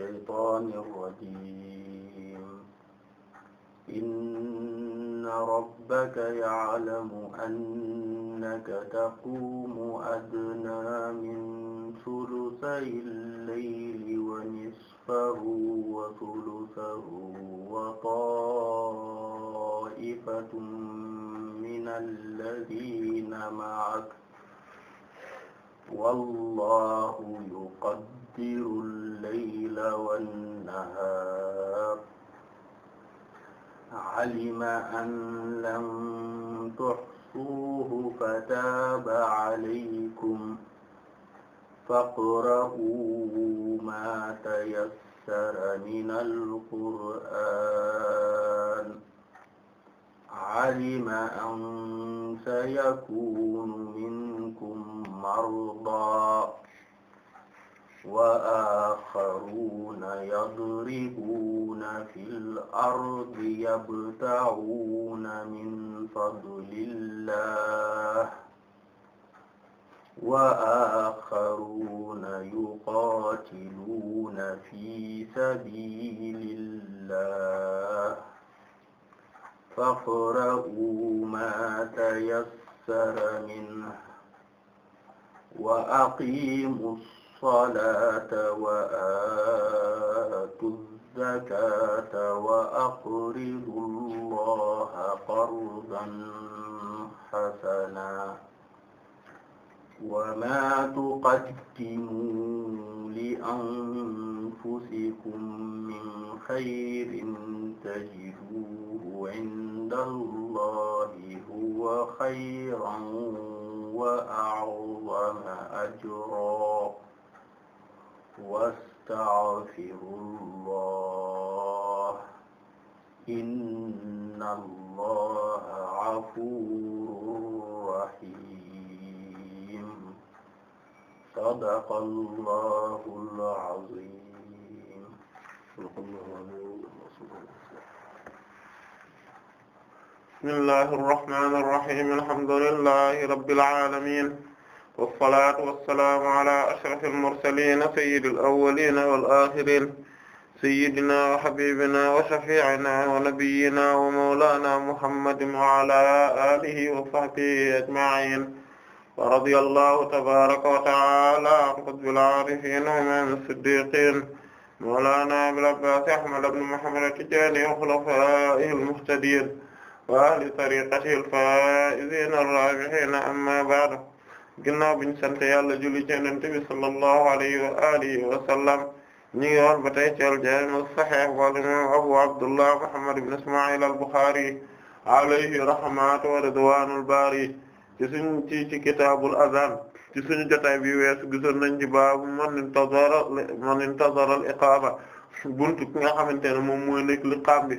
الشيطان الرجيم إن ربك يعلم أنك تقوم أدنى من ثلثي الليل ونصفه وثلثه وطائفة من الذين معك والله يقدر يدبر الليل والنهار علم أن لم تحصوه فتاب عليكم فاقرؤوا ما تيسر من القرآن علم أن سيكون منكم مرضى وآخرون يضربون في الأرض يبتغون من فضل الله وآخرون يقاتلون في سبيل الله فاقرؤوا ما تيسر منه وأقيموا salaata wa aatu zakaata wa aqridu llaaha qardan hasanan wa maa tuqaddimuu li anfusikum min xayrin tajiduuhu inda llaahi huwa xayran wa a'zama ajran واستغفروا الله إن الله غفور رحيم صدق الله العظيم بسم الله الرحمن الرحيم الحمد لله رب العالمين wassalaatu wassalaamu ala ashrafil mursaliin sayyidil awwaliin wal aaxiriin sayyidinaa wa habiibinaa wa shafii'inaa wa nabiyyinaa wa mawlaanaa muhammadin wa ala aalihi wa sahbihi ajma'iin wa radiyallahu tabaaraka wa ta'aala an qutbil aarifiin imaam as-siddiqiin mawlaanaa abil abbaas ahmad ibn muhammad at-tijaani wa xulafaa'ihi al-muhtadiin wa ahli tariiqatihi al-faa'iziina ar-raabihiin amma ba'du ginnaaw biñ sant yàlla julli ci yonent bi sallallahu alayhi wa alihi wa sallam ñi ngi woon ba tey ci al-Jaami' as-Sahih wal imam Abu Abdullah Muhammad ibn Isma'il al-Bukhari alayhi rahmatu wa ridwanul bari ci suñ ci ci kitaabul azan ci suñu jotaay bi weesu gisoon nañ ci baabu man intazara man intazara al-iqaama buntu ki nga xamante ne moom mooy nekk liqaam bi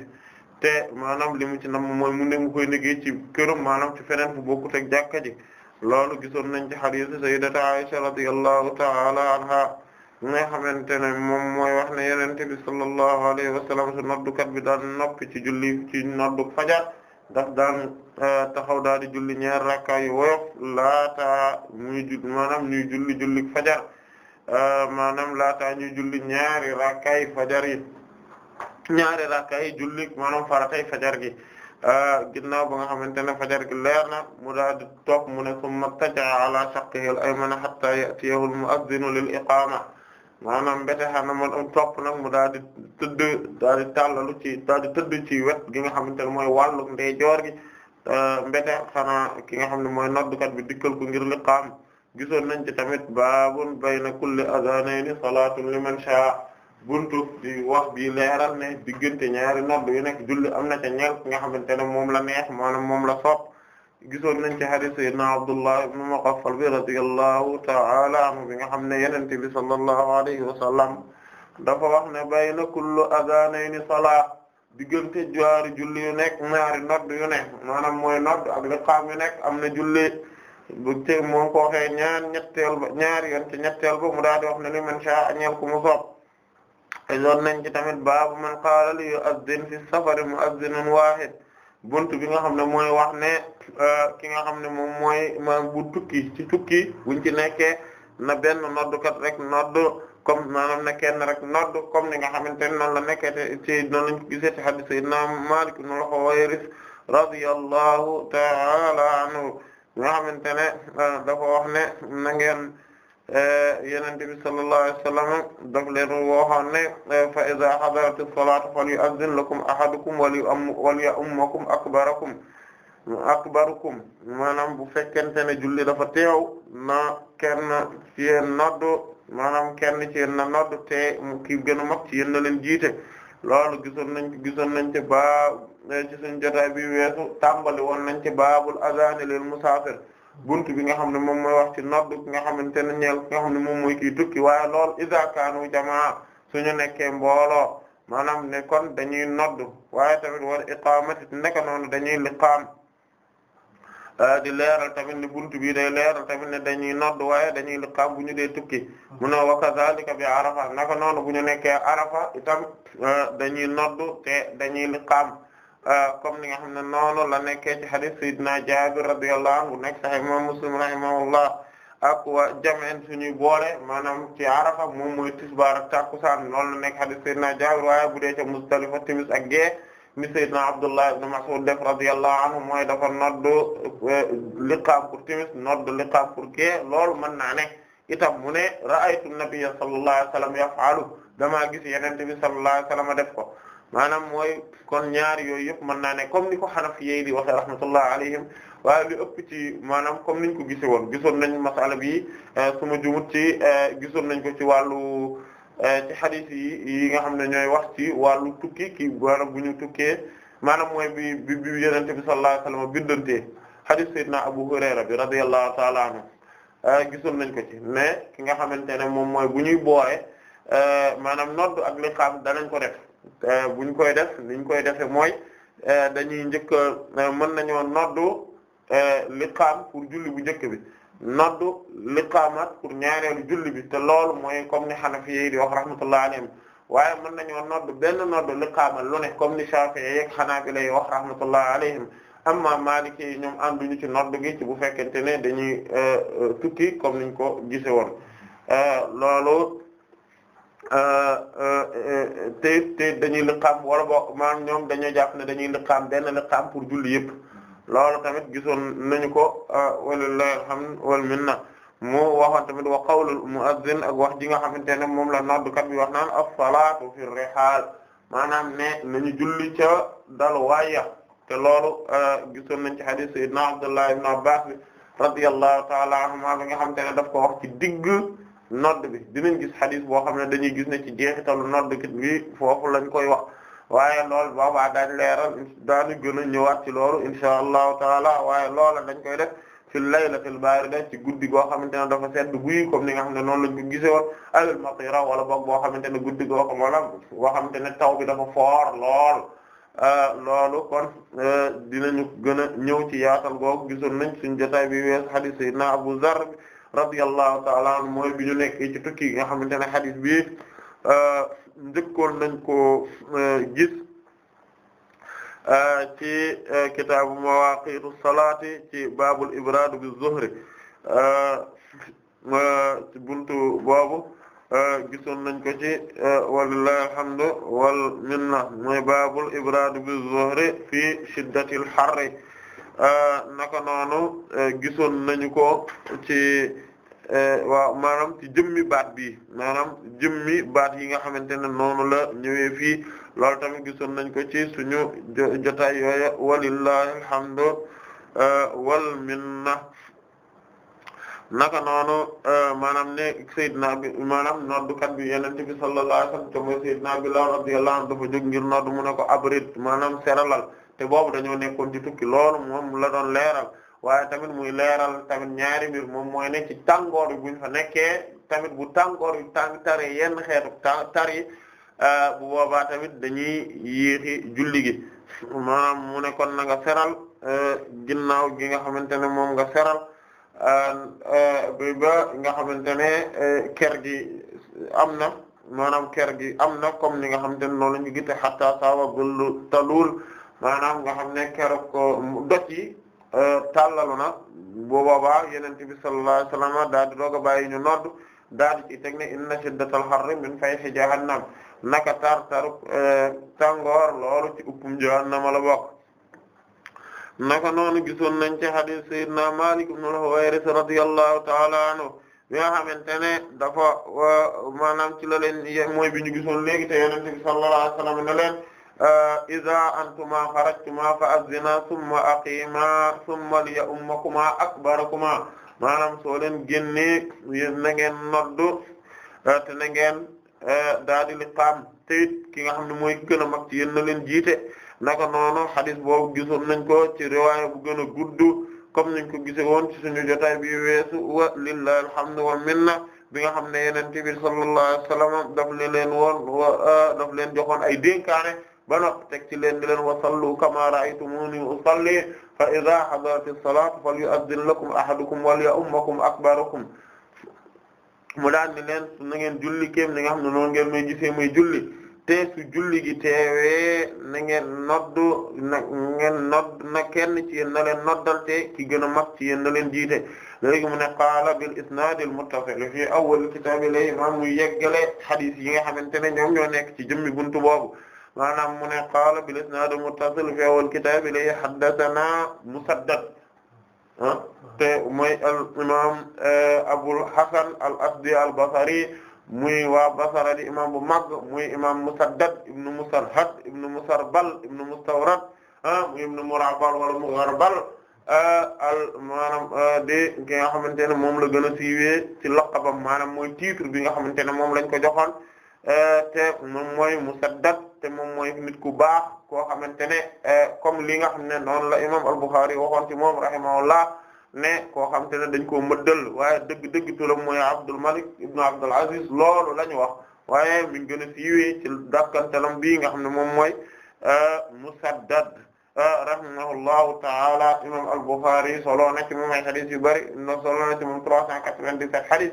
te maanaam li mu ci nam mooy mu ne mu koy nekkee ci këram maanaam ci feneen bu bokkut te jàkka ji loolu gisoon nañ ci hadiisu Aisha radiyallahu ta'ala anha mi nga xamante ne moom mooy wax ne Yonent bi sallallahu alayhi wa sallam su noddukat bi daan noppi ci julli ci noddu fajar daf daan euh, taxaw daal di julli ñaar rakka yu woyof laata muy ju julli julli fajar euh, maanaam laata ñuy julli ñaari rakkay fajar yi ñaari rakkay julli maanaam faratay fajar Euh, ginnaaw ba nga xamante ne fajar gi leer na mu daal di toog mu ne summa taja'a ala shaqqihi al-aymana hatta ya'tiyahu al-mu'adhdhinu lil iqama maanaam mbete xanamal am topp mu daal di tëdd daal di tàllalu ci daal di ci wet gi nga xamante ne mooy wàllu ndeyjoor gi euh, mbete xanaa ki nga xam ne mooy noddukat bi dikkal ku ngir liqaam gisoon nañ ci tamit baabun bayna kulli adhanayni salaatun liman sha'a buntu di wax bi leeral ne diggante ñaari nodd yu nekk julli am na ca ñeel nga xamante ne moom la neex maanaam moom la sopp gisoon nañ ci hadith sayyidina Abdullah ibn Muqaffal bi radiyallahu ta'ala anhu bi nga xam ne yonent bi sallallahu alayhi wa sallam dafa wax ne bayna kullu adhanayni salat diggante jaari julli yu nekk ñaari nodd yu nekk maanaam mooy nodd ak liqaam yu nekk am na julli bu te moom ko waxee ñaar ñetteel ba ñaari yoon ci ñetteel ba mu daal di wax ne li man sha'a ñeel gisoon nañ ci tamit baabu man qaala li yu'azzin fi safari mu'azzinun waahid buntu bi nga xam ne mooy wax ne euh, ki nga xam ne moom mooy maam bu tukki ci tukki buñ ci nekkee na benn noddukat rek nodd comme maanaam ne kenn rek nodd comme ni nga xamante ne noonu la nekkee te ci noonu lañ gisee ci hadith sayyidina Maalik ibn al-Huwayris radiyallahu ta'ala anhu nga xamante ne euh, dafa wax ne na ngeen E, Yonent bi sallallahu alayhi wa sallam daf leen waxoon ne e, fa iza hadarati salaatu falyu'azzin lakum ahadukum wa liya'ummakum akbarakum akbarukum maanaam bu fekkente ne julli dafa teew na kenn ci yéen noddu maanaam kenn ci yéen na noddu te mu kii gën a mag ci yéen na jiite loolu gisoon nañ nañ ci baa e, ci suñu bi weesu tàmbali woon nañ ci baabul azaan lil musaafir bunt bi nga xam ne moom mooy wax ci noddu nga xamante ne ñeel nga xam ne moom mooy kii tukki waaye lool iza kaanu jamaa suñu nekkee mbooloo maanaam ne kon dañuy noddu waaye tamit wala iqaamati nekk noonu dañuy liqaam ah, di leeral tamit ne bunt bi day leeral tamit ne dañuy noddu waaye dañuy liqaam bu ñu dee tukki mu ne wa kazaalika bi arafa naka noonu bu ñu nekkee arafa itam ah, dañuy noddu dañuy liqaam Euh, comme ni nga xam ne noonu la nekkee ci hadith sayyidina Jaabir radiyallahu anhu nekk sahih imam Muslim rahimahullah ak wa jameen suñuy boole maanaam ci Arafa moom mu tisbaar ak takkusaan noonu la nekk hadith sayyidina Jaabir waaye bu dee ca a timis ak gee mi sayyidina Abdullah ibn Mas'ud def radiyallahu anhu mooy dafa nodd euh, liqaam pour timis nodd liqaam pour gee loolu mën naa ne itam mu ne ra'aytu nabiyya sallallahu alayhi wa sallam yaf'alu damaa gis yenente bi sallallahu wa sallam def ko maanaam mooy kon ñaari yooyu yëpp mën naa ne comme ni ko Hanafi yi di waxee rahmatullah alayhim waaye li ëpp ci maanaam comme ñu ko gise woon gisoon nañ masala bi eh, suma jumut ci eh, gisoon nañ ko ci wàllu eh, ci hadith yi yi nga xam ne ñooy wax ci wàllu tukki ki wala bu ñu tukkee maanaam mooy bi bi bi yenente bi sallallahu alayhi wasallam bindantee hadith sayyidina Abu Hurayra bi radiyallahu ta'ala anhu gisoon nañ ko ci mais ki nga xamante ne moom mooy bu ñuy boore maanaam nodd ak liqaam danañ ko def Euh, bu ñu koy def li koy defee mooy euh, dañuy njëkk euh, mën nañoo noddu liqaam pour julli bu njëkk bi noddu liqaamat pour ñaareelu julli bi te loolu mooy comme ni Hanafi yi di wax rahmatullahi alayhim waaye mën nañoo noddu benn noddu liqaama lu ne comme ni Shafi'i ak Hanaabila yi wax rahmatullahi alayhim amma Maliki yi ñoom ànduñu ci noddu gi ci bu fekkente ne dañuy tukki comme niñ ko gise woon loolu Euh, euh, te te dañuy liqaam wala boo maanaam ñoom dañuy jàpp ne dañuy liqaam benn liqaam pour julli yëpp loolu tamit gisoon nañu ko euh, walillahi alhamdu wal minna mu waxoon tamit wa qawlul muazzin ak wax ji nga xamante ne moom la noddukat bi wax naan as-salaatu fi rihaal maanaam ne nañu julli ca dal ya te loolu gisoon nañ ci hadith sayyidina Abdullah ibn Abbas bi ta'ala anhuma bi nga xamante ne daf ko wax ci digg nodd bi dinañ gis xadis boo xam ne dañuy gis ne ci jeexitalu nodd bi foofu lañ koy wax waaye loolu boobaa daañ leeral daanu gën a ñëwaat ci loolu insha allahu taala waaye loola dañ koy def fi laylatil baarida ci guddi goo xamante ne dafa sedd guy kom ni nga xam ne noonu lañ ko gisewoon al matira wala boog boo xamante ne guddi goo xam wala boo xamante ne taw bi dafa foor lool euh, loolu kon euh, dinañu gën a ñëw ci yaatal googu gisoon nañ suñu jotaay bi wees hadith sayyidina Abu radiyallahu ta'ala anhu mooy bi ñu nekkee ci tukki nga xamante ne xadis bi euh, njëkkoon nañ ko euh, gis euh, ci kitaabu mawaaqiitu salaati ci baabul ibraadu bi zuhri ci buntu boobu gisoon nañ ko ci walillahi alhamdu wal minna mooy baabul ibraadu bi zuhri fi shiddatil harri Euh, naka noonu euh, gisoon nañu ko ci euh, waaw maanaam ci jëmmi baat bi maanaam jëmmi baat yi nga xamante ne noonu la ñëwee fii loolu tamit gisoon nañ ko ci suñu jotaay yooyu walillahi alhamdu wal minna naka noonu maanaam ne Seydina bi maanaam noddukat bi Yonent bi sallallahu alayhi wasallam te mooy Seydina Bilaal radiyallahu anhu dafa jóg ngir noddu mu ne ko abrid maanaam seralal te boobu dañoo nekkoon ci tukki loolu moom la doon leeral waaye tamit muy leeral tamit ñaari mbir moom mooy ne ci tàngoor bi buñ fa nekkee tamit bu tàngoor bi tàng tare yenn xeetu ta tar euh, bu boobaa tamit dañuy yéexi julligi gi mu nekkoon kon na nga seral euh, ginnaaw gi nga xamante ne moom nga seral euh, ba nga xamante ne ker gi am na maanaam ker gi am na comme ni nga xam ne noonu la ñu gis hatta sawa maanaam nga xam ne keroog doj yi euh, tàllalu na bu boobaa yonent bi sallallahu alayhi wasallam daal di doog a bàyyi ñu nodd daal di ci teg ne inna shiddatal harri min fayhi jahannam naka tar taru euh, tàngoor loolu ci uppum jahannama la bokk naka noonu gisoon nañ ci hadith sayyidina Malik ibn al-Huwayrith radiyallahu ta'ala anhu bi nga xamante ne dafa maanaam ci la leen mooy bi ñu gisoon léegi te yonent bi sallallahu ne leen iza antuma xarajtuma fa azina summa aqima summa liya ummakuma akbarakuma maanaam soo leen génnee yéen na ngeen noddu te na ngeen daal di liqaam te it ki nga xam ne mooy gën a mag ci yéen leen jiite naka noonu xadis boobu gisoon nañ ko ci riwaaya bu gën a gudd comme niñ ko gise woon ci suñu jotaay bi weesu wa lillahi alhamdu wa minna bi nga xam ne yonent bi sallallahu alayhi wasallam daf leen woon daf leen joxoon ay dénkaane ba noppi teg ci leen di leen wa sallu kama ra'aytumuni usalli fa idha hadarati as-salatu falyu'adhdhin lakum ahadukum wa liya'ummakum akbarukum mu daan ni leen na ngeen julli kéem ni nga xam ne noonu ngeen may gisee muy julli te su julli gi teewee na ngeen nodd na ngeen nodd na kenn ci yéen na leen noddal te ki gën a mag ci yéen na leen jiite léegi mu ne qaala bil isnaadil muttasil fi awwal kitaab lay imam mu yeggale xadis yi nga xamante ne ñoom nekk ci jëmmi buntu boobu maanaam mu ne qaala bil isnaad muttasil fi awwal kitaab ilayhi haddathanaa Musaddad ah, te mooy al imaam eh, Abul Hasan al Asdi al Basri muy waa Basra di imaam bu mag muy imaam Musaddad ibn Musarhad ibn Musarbal ibn Mustawrad ah, ibn Murabal wala Mugharbal eh, al maanaam eh, de ki nga xamante ne moom la gën a siiwee ci laqabam maanaam mooy titre bi nga xamante ne moom lañ ko joxoon. te moom mooy musaddad te moom mooy nit ku baax koo xamante ne eh, comme li nga xam ne noonu la imam al-Bukhari waxoon ci moom rahimahullah ne koo xamante ne dañ koo mëddal waaye dëgg dëgg turam mooy Abdul Malik ibnu Abdul Aziz lool la ñu wax waaye mi ngi gën a siiwee ci dakkantalam bii nga xam ne moom mooy eh, musaddad eh, rahimahullahu taala imam al-Bukhari soloo na ci moom ay xadis yu bëri no soloo na ci moom trois cent quatre-vingt-dix-sept xadis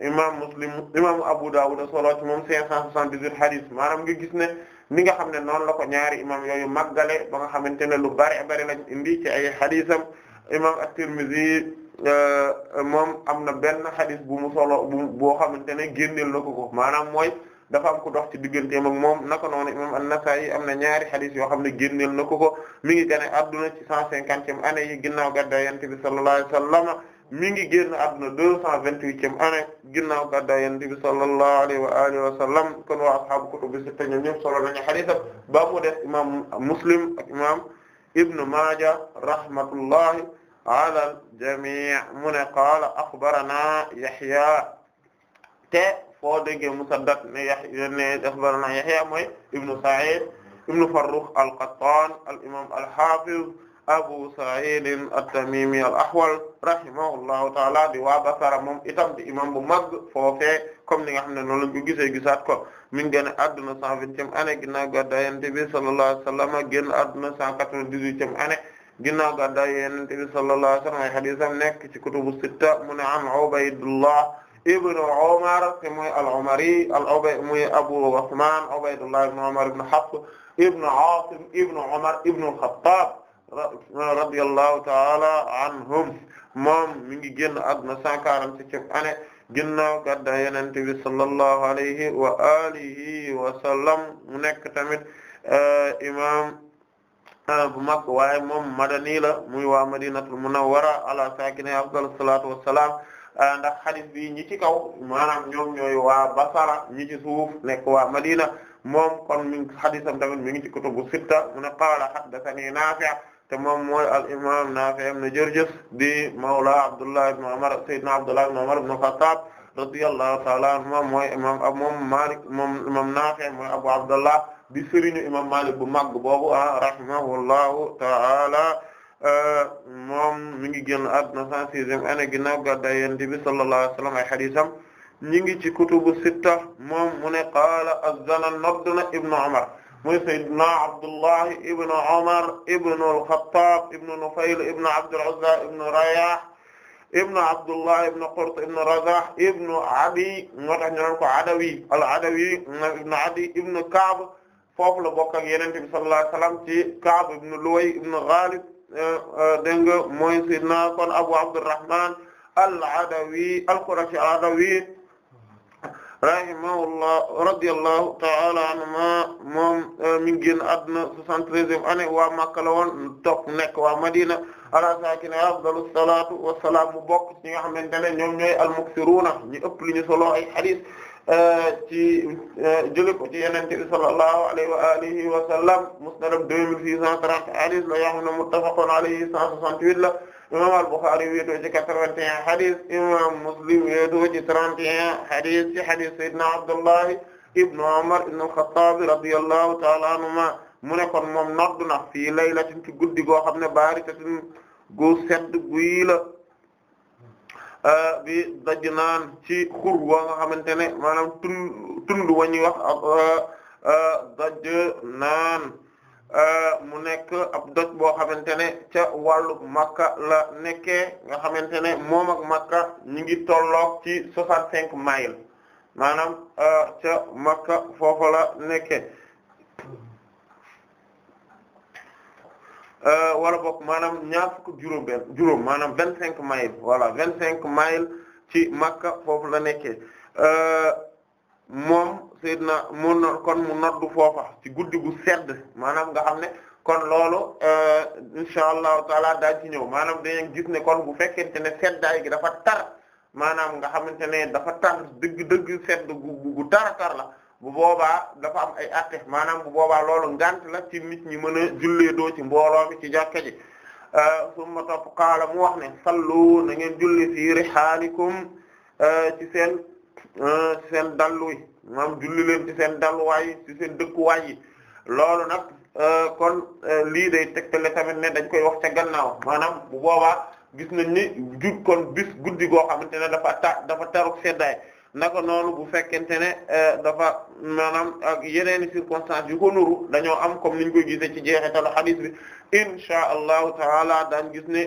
imam muslim imaamu Abu Dawud solo ci moom 578 hadith maanaam nga gis ne ni nga xam ne noonu la ko ñaari imam yooyu màggale ba nga xamante ne lu bari bari lañ indi ci ay haditham imam at-Tirmidhi euh, moom am na benn hadith bu mu solo bu boo xamante ne génneel na ko ko maanaam mooy dafa am ku dox ci digganteem ak moom naka noonu imam an-Nasa'i am na ñaari hadith yoo xam ne génneel na ko ko mi ngi gën a adduna ci 150e année yi ginnaaw gàddaay Yonent bi sallallahu alayhi wa sallam mi ngi génn àdduna deux cent vingt-huitième année ginnaaw gàddaay Yonent bi sallallahu alayhi wa alihi wa sallam kon waa ashaabu kutubu sitta ñoom ñëpp solo nañu hadiisam ba mu def imam Muslim ak imam Ibn Maaja rahmatullahi ala al-jamii' mu ne qaala axbarana Yahya te foo déggee Musaddad ne Yahya ne axbarana Yahya mooy Ibn Sa'id Ibn Farrukh al-Qattan al-imam al-hafiz Abu Sa'id at-Tamimi al-Ahwal rahimahullahu taala di waa Basra moom itam di imam bu mag foofee comme ni nga xam ne noonu lañu ko gisee gisaat ko mi ngi génn àdduna 120e année ginnaaw gàddaay Yonent bi sallallahu alayhi wa sallam génn àdduna 198e année ginnaaw gàddaay Yonent bi sallallahu alayhi wa sallam ay hadiisam nekk ci kutubu sitta mu ne an Ubaydullah ibn Umar te mooy al-Umari al-Ubay muy Abu Uthman Ubaydullah ibn Umar ibn Hafs ibn Asim ibn Umar ibn al-Khattab radiyallahu ta'ala anhum moom mi ngi génn àdduna cent quarante-septième année ginnaaw gàddaay Yonent bi sallallahu alayhi wa alihi mu nekk tamit euh, imam euh, bu mag waaye moom madani la muy waa madinatul munawwara ala saakine afdal salatu wassalam euh, ndax hadith bi ñi ci kaw maanaam ñoom ñooy waa basara ñi suuf nekk waa madina moom kon mi hadisam tamit mi ngi ci kutubu sitta mu ne qaala haddathani naafi' te moom mooy al imam Naafi' ibn Jurjus di mawla Abdullah ibn Umar sayyidina Abdullah ibn Umar ibn Khattab radiyallahu ta'ala mooy imam Abu Abdullah di sëriñu imam Maalik bu mag boobu ah rahimahullahu ta'ala moom mi ngi génn àdduna cent sixième année ginnaaw gàddaay Yonent bi sallallahu ay hadiisam ñi ngi ci kutubu sitta moom mu ne qaala azana nodd na muy sayyidina Abdullah ibn Umar ibn al-Khattab ibn Nufayl ibn Abd al-Uzza ibn Rayah ibn Abdullah ibn Qurt ibn Razah ibn Adi moo tax ñu naan ko Adawi al-Adawi ibn Adi ibn Ka'b foofu la bokk ak Yonent bi sallallahu alayhi wasallam ci Ka'b ibn Luway ibn Ghalib dégg nga mooy sayyidina kon Abu Abdurrahman al-Adawi al-Qurashi al-Adawi rahimahullah radiyallahu ta'ala anhuma moom euh, mi ngi génn àdduna 73e année waa Makka la woon nekk waa Madina ala saakina afdalu salaatu wa salaam mu bokk ci nga xamante ne ñoom ñooy al-muksiruuna ñu ëpp li ñu solo ay hadith euh, ci euh, jële ko ci Yonent bi sallallahu alayhi wa alihi wa sallam musnad 2630 hadith la yoo xam ne muttafaqun alayhi 168 la. imam al-Bukhari wéetoo ci quatre vingt hadith imam Muslim wéetoo ci trente et un hadith ci hadith Seydina Abdullah ibn Umar ibn al-Khattab radiyallahu ta'ala anhuma mu ne kon moom noddu na fii laylatin ci guddi goo xam ne baaritatin gu sedd guyi la bi Dajnaan ci xur wa nga xamante ne maanaam tun tund wa ñuy wax Dajnaan Euh, mu nekk ab doj boo xamante ne ca wàllu makka la nekkee nga xamante ne moom ak makka ñu ngi tolloog ci soixante cinq miles maanaam euh, ca makka foofu la nekkee euh, walla boog maanaam ñaar fukk juróom benn juróom maanaam vingt cinq miles voilà vingt cinq miles ci makka foofu la nekkee moom Seydina mu kon mu noddu foofa ci guddi gu sedd maanaam nga xam ne kon loolu euh, insha allahu taala daal ci ñëw maanaam dañu gis ne kon bu fekkente ne seddaay gi dafa tar maanaam nga xamante ne dafa tar dëgg-dëgg sedd gu gu tar tar la bu boobaa dafa am ay atte maanaam bu boobaa loolu ngant la ci nit ñi mën a jullee doo ci mbooloo mi ci jàkka ji euh, summa topp qaala mu wax ne sallu na ngeen julli fi rihaalikum euh, ci seen Euh, seen dallu yi julli leen ci seen dalluwaay ci seen dëkkuwaay yi loolu nag euh, kon euh, lii day tegtale tamit ne dañ koy wax ca gannaaw maanaam bu boobaa gis nañ ni jug kon bis guddi goo xamante ne dafa ta dafa taruk seddaay naka noonu bu fekkente ne dafa maanaam ak yeneeni circonstances yu ko nuru dañoo am comme niñ koy gisee ci jeexitalu hadith bi insha allahu taala daañ gis ne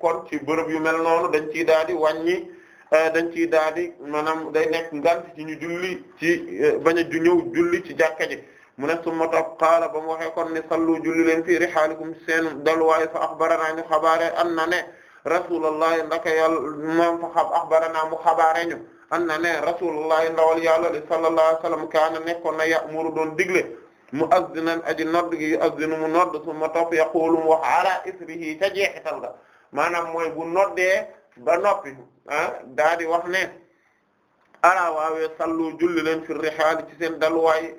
kon ci bërëb yu mel noonu dañ ciy daal di wàññi Euh, dañ ci daal di maanaam day nekk ngant ci ñu julli ci euh, bañ a ñëw julli ci jàkka ji mu ne summa topp qaala ba mu waxe kon ne sallu julli leen fii rihaalikum seen dalwaay fa axbaranaa ñu xabaare an na ne rasulullahi ndaka yàlla moom fa xam axbaranaa mu xabaare ñu an na ne rasulullahi ndawal yàlla li sallallahu alayhi wa sallam kaana nekkoon na ya ya'muru doon digle mu azdinan aji nodd gi azdinu mu nodd summa topp yaqulu mu wax ala isrihi ca jeexital ga maanaam mooy bu ba noppi ah daa di wax ne ala waawee sallu julli leen fi rihaal ci seen dalluwaay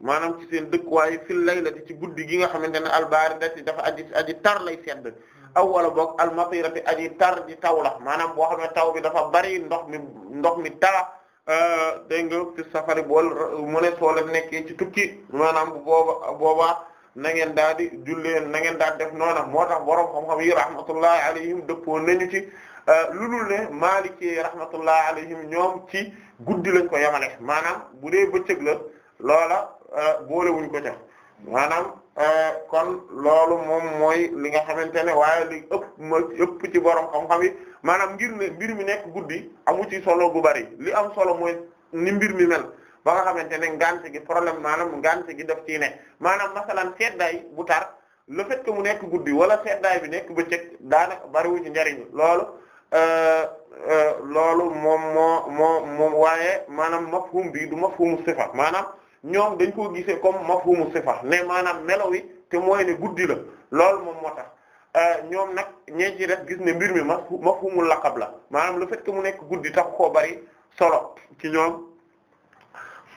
maanaam ci seen dëkkuwaay fil laylati ci guddi gi nga xamante ne albaaridati dafa aji aji tar lay sedd aw wala boog almatirati aji tar di taw la maanaam boo xam ne taw bi dafa bari ndox mi ndox mi tara ah, dégg nga fi safari bool mu ne soo leen nekkee ci tukki maanaam bu booba boobaa na ngeen daal di julleen na ngeen daal def noona moo tax borom xam-xam yi rahmatullahi alayhim dëppoo nañu ci Euh, lu dul ne Maliki rahmatullah alayhim ñoom ci guddi lañ ko yemale maanaam bu dee bëccëg la loola euh, boolewuñ ko ca maanaam euh, kon loolu moom mooy li nga xamante ne waaye li ëpp ëpp ci borom xam-xam maanaam ngir mbir mi nekk guddi amu ci solo gu bari li am solo mooy ni mbir mi mel ba nga xamante ne ngànte gi problème maanaam ngànte gi def ci ne maanaam masalan seddaay bu tar la fait que mu nekk guddi wala seddaay bi nekk bëccëg daanaka bariwu ci njariñ loolu Euh, euh, loolu moom moo moo moom waaye maanaam mafhum bi du mafhumu sifa maanaam ñoom dañ koo gisee comme mafhumu sifa ne maanaam melo yi te mooy ne guddi la loolu moom moo tax euh, ñoom nag ñee ci def gis ne mbir mi ma mafhumul laqab la maanaam le fait que mu nekk guddi tax koo bari solo ci ñoom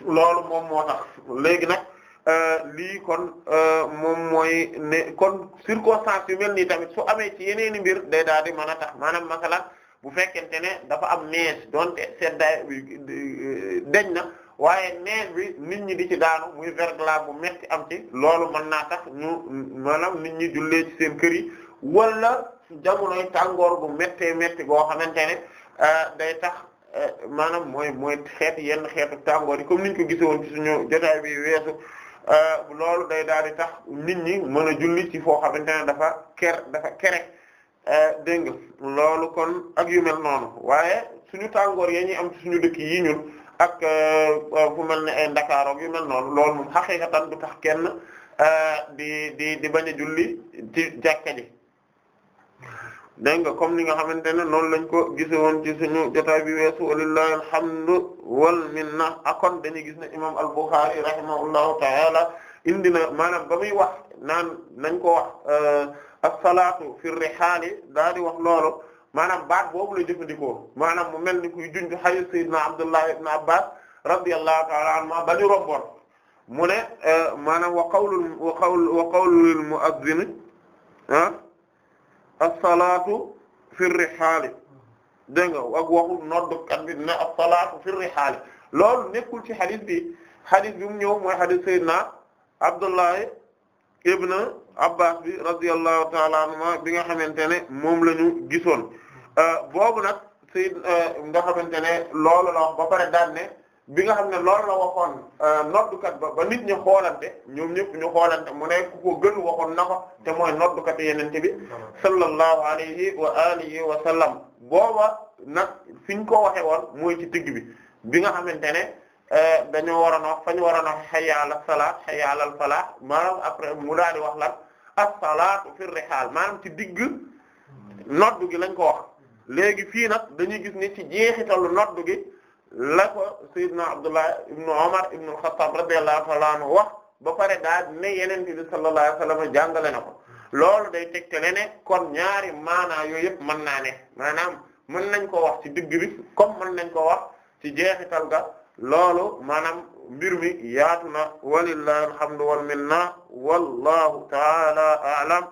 loolu moom moo tax léegi nag Euh, lii kon euh, moom mooy ne kon circonstance yu mel nii tamit su amee ci yeneeni mbir day daal di mën a tax maanaam masalan bu fekkente ne dafa am neige donte seddaay euh, deñ na waaye neige bi nit ñi di ci daanu muy verglas bu metti am ci loolu mën naa tax ñu maanaam nit ñi jullee ci seen kër yi jamonoy tàngoor gu mette metti goo xamante ne day tax maanaam mooy mooy xeet yenn xeetu tàngoor yi comme niñ ko gisoon ci suñu jotaay bi weesu Euh, loolu day daal di tax nit ñi mën a julli ci foo xamante ne dafa ker dafa kere euh, dégg nga loolu kon ak yu noonu waaye suñu tàngoor yee ñuy am ci suñu dëkk yi ñun ak euh, fu mel ne ay Ndakaar ak yu mel noonu loolu moom xaqiiqatan du tax kenn di di di bañ a julli ci jàkka ji dégg nga comme ni nga xamante ne noonu lañ ko gise woon ci suñu jotaay bi weesu walillahi alhamdu wal minna akon ah, dañuy gis ne imam al-Bukhari rahimahullahu ta'ala indi na maanaam ba muy wax naan nañ ko wax euh, as-salaatu fi rihaali daa wax loolu maanaam baat boobu lay jëfandikoo maanaam mu mel ni kuy junj xayu sayyidina Abdullah ibn Abbas radiyallahu ta'ala anhuma ba ñu romboon mu ne euh, maanaam wa qawlul wa qawl wa as-salaatu fi rihaali dégg nga ak waxul noddkat bi ne as-salaatu fi rihaali loolu nekkul ci xadis bi xadis bi mu ñëw mooy xadis Seydina Abdullahi ibn Abbas bi radiyallahu ta'ala anhuma bi nga xamante ne moom la gisoon euh, boobu nag Seydina euh, nga xamante ne loolu la wax ba pare daan ne bi nga xam ne loolu la waxoon euh, noddukat ba ba nit ñu xoolante ñoom ñëpp ñu xoolante mu ne ku ko gën waxoon na ko te mooy noddukat yenente bi sallallahu alayhi wa alihi wa sallam booba nag fiñ ko waxe woon mooy ci digg bi bi nga xamante ne euh, dañoo waroon wax fañ waroon wax hayya ala salaat hayya ala falaah maanaam après mu daal di wax lan as-salaatu fi rihaal maanaam ci digg noddu gi lañ ko wax léegi fii nag dañuy gis ni ci jeexitalu noddu gi la ko Seydina Abdullah ibnu Omar ibnu al-Khattab radiyallahu ta'ala anhu wax ba pare daal ne yeneen bi sallallahu alayhi wa sallam jàngale na ko loolu day tegtale ne kon ñaari maanaa yooyu yëpp mën naa ne maanaam mën nañ ko wax ci digg bi comme nañ ko wax ci jeexital ga loolu maanaam mbir mi yaatu na walillahi alhamdu wal minna wallahu ta'ala a'lam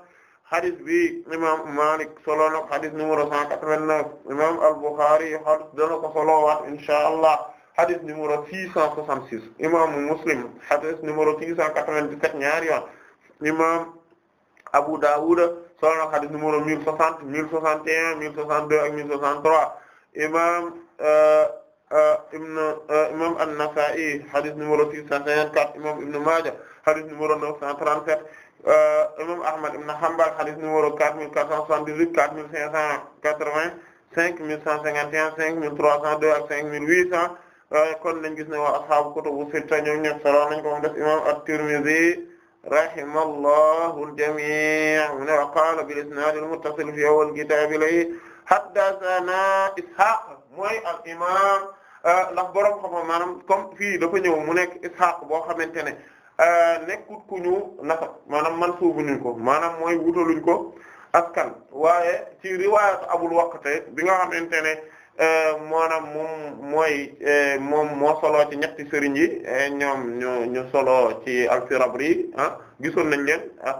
xadis bi imam Malik solo na xadis numéro cent quatre-vingt-neuf imam al-Bukhari xadis dana six cent soixante-six imam Muslim xadis numéro six cent quatre-vingt-dix-sept imam Abu Dawud solo na mille soixante un mille soixante-deux mille soixante-trois imam euh, euh, ibn euh, imam an Euh, imam Ahmad ibn Hanbal hadith numéro 4478 4580 5151 5302 ak 5800 euh, kon lañ gis ne waa ashaabu kutubu sitta ñoom ñëpp solo nañ ko moom def imam at-Tirmidhi rahimallahu al-jami' mu ne wa qaala bil isnad al-muttasil fi awwal kitab ilayhi Ishaq mooy al imam euh, ndax borom xam-xam maanaam comme fii dafa ñëw mu nekk Ishaq boo xamante ne Euh, nekkut ku ñu man maanaam mansuubuñu ko maanaam mooy wutaluñ ko askan waaye ci riwaayat Abul Waqt bi nga xamante ne euh, maanaam moom mooy euh, moom moo solo ci ñetti sëriñ yi ñoom ñu ñu solo ci al-Firabri ah, gisoon nañ leen ah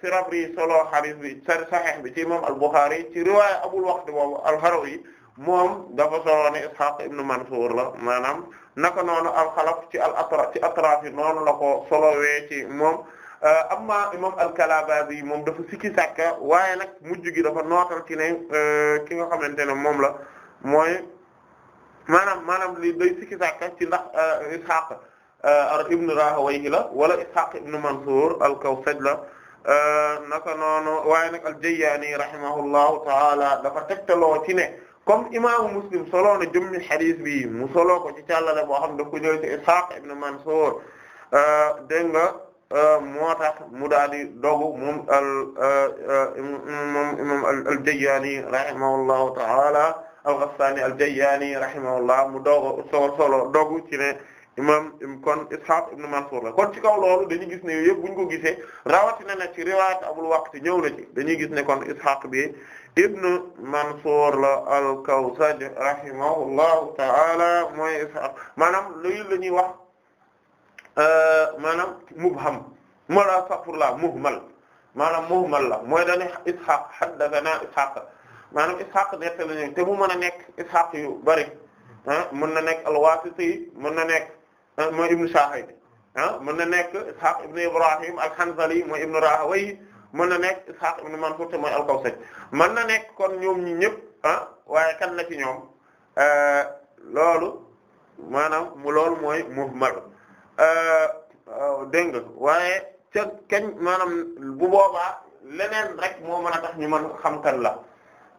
Firabri solo xadis bi Sahih bi ci imam al-Bukhari ci riwaayat Abul Waqt boobu al-Harawi moom dafa solo ne Ishaq ibn Mansur la maanaam. naka noonu alxalaf ci al atra ci atraaf yi noonu la ko solowee ci moom euh, amma imam al-Kalabaazi moom dafa sikki sàkka waaye nag mujj gi dafa nootal ci ne euh, ki nga xamante ne moom la mooy maanaam maanaam li day sikki sàkka ci ndax euh, Ishaq ibn Rahawayhi la wala Ishaq ibn Mansur al-Kawsaj la naka noonu waaye nag al-Jayyaani rahimahullahu ta'ala dafa tegtaloo ci ne comme imaamu muslim solo na jëmmi hadith bi mu solo ko ci càllale boo xam daf ko jël ci Ishaq ibn Mansur euh, dégg nga euh, moo tax mu daal di dogu moom al euh, moom imam al-Jayyani rahimahullahu ta'ala al-Ghassani al-Jayyani rahimahullah mu dogo solo solo dogu ci ne imam kon Ishaq ibn Mansur la kon ci kaw loolu dañuy gis ne yooyu yëpp bu ñu ko gisee rawatina na ci riwaayat Abul Waqt ñëw na ci dañuy gis ne kon Ishaq bi ibnu Mansuur la al-Kawsaj rahimahullahu ta'ala mooy Ishaq maanaam luy la ñuy wax euh, maanaam mubham mala safurla muhmal maanaam muhmal la mooy dañuy Ishaq haddathana Ishaq maanaam Ishaq nett la ñu te mu mën a nekk Ishaq yu bari ah mën na nekk al-Wasiti mën na nekk ah, mooy ibnu Shahid ah mën na nekk Ishaq ibnu Ibrahim al-Hanzali mooy ibnu Rahawayh mën na nekk Ishaq man Mansur te mooy al-Kawsaj mën na nekk kon ñoom ñi ñëpp ah waaye kan la ci ñoom euh, loolu maanaam mu loolu mooy muhmal euh, dégg nga waaye ca kañ maanaam bu boobaa leneen rek moo mën a tax ñu mën xam kan la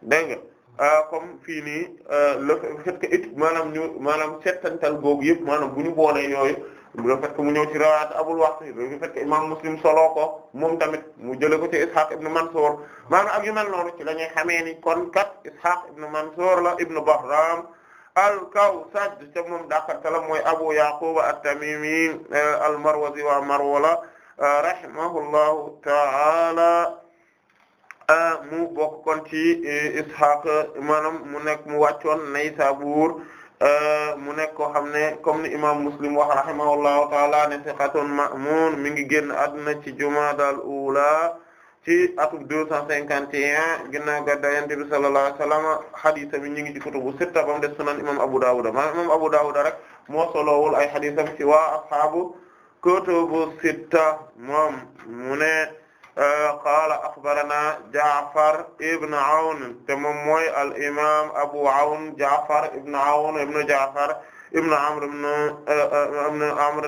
dégg nga euh, comme fii nii le fait que it maanaam ñu maanaam settantal googu yëpp maanaam bu ñu boolee yooyu le fait que mu ñëw ci riwaayat Abul Waqid le fait imam Muslim soloo ko moom tamit mu jële ko ci Ishaq ibn Mansur maanaam ak yu mel noonu ci la ñuy xamee ni kon kat Ishaq ibn Mansur la ibn Bahram al-Kawsaj te moom dàqante la mooy Abu Yaqub at-Tamimi eh, al-Marwazi wa Marwala eh, rahimahullahu ta'ala eh, mu bokk ci Ishaq maanaam mu nekk mu wàccoon Naysabur Euh, mu nekk koo xam ne comme ni imam Muslim wax rahimahullahu taala ne thiqatun ma'mun mi ngi génn àdduna ci jumaadal ula ci atum deux cent cinquante et un ginnaaw gàddaay Yonent bi sallallahu alayhi wa sallam hadith bi ñu ngi ci kutubu sitta bam def sunan imam Abu Dawud maanaam imam Abu Dawud rek moo solowul ay haditham ci waa ashaabu kutubu sitta moom mu ne qaala axbarana Ja'far ibn Awn te moom mooy al imaam Abu Awn Ja'far ibn Awn ibn Ja'far ibn Amr ibn Amr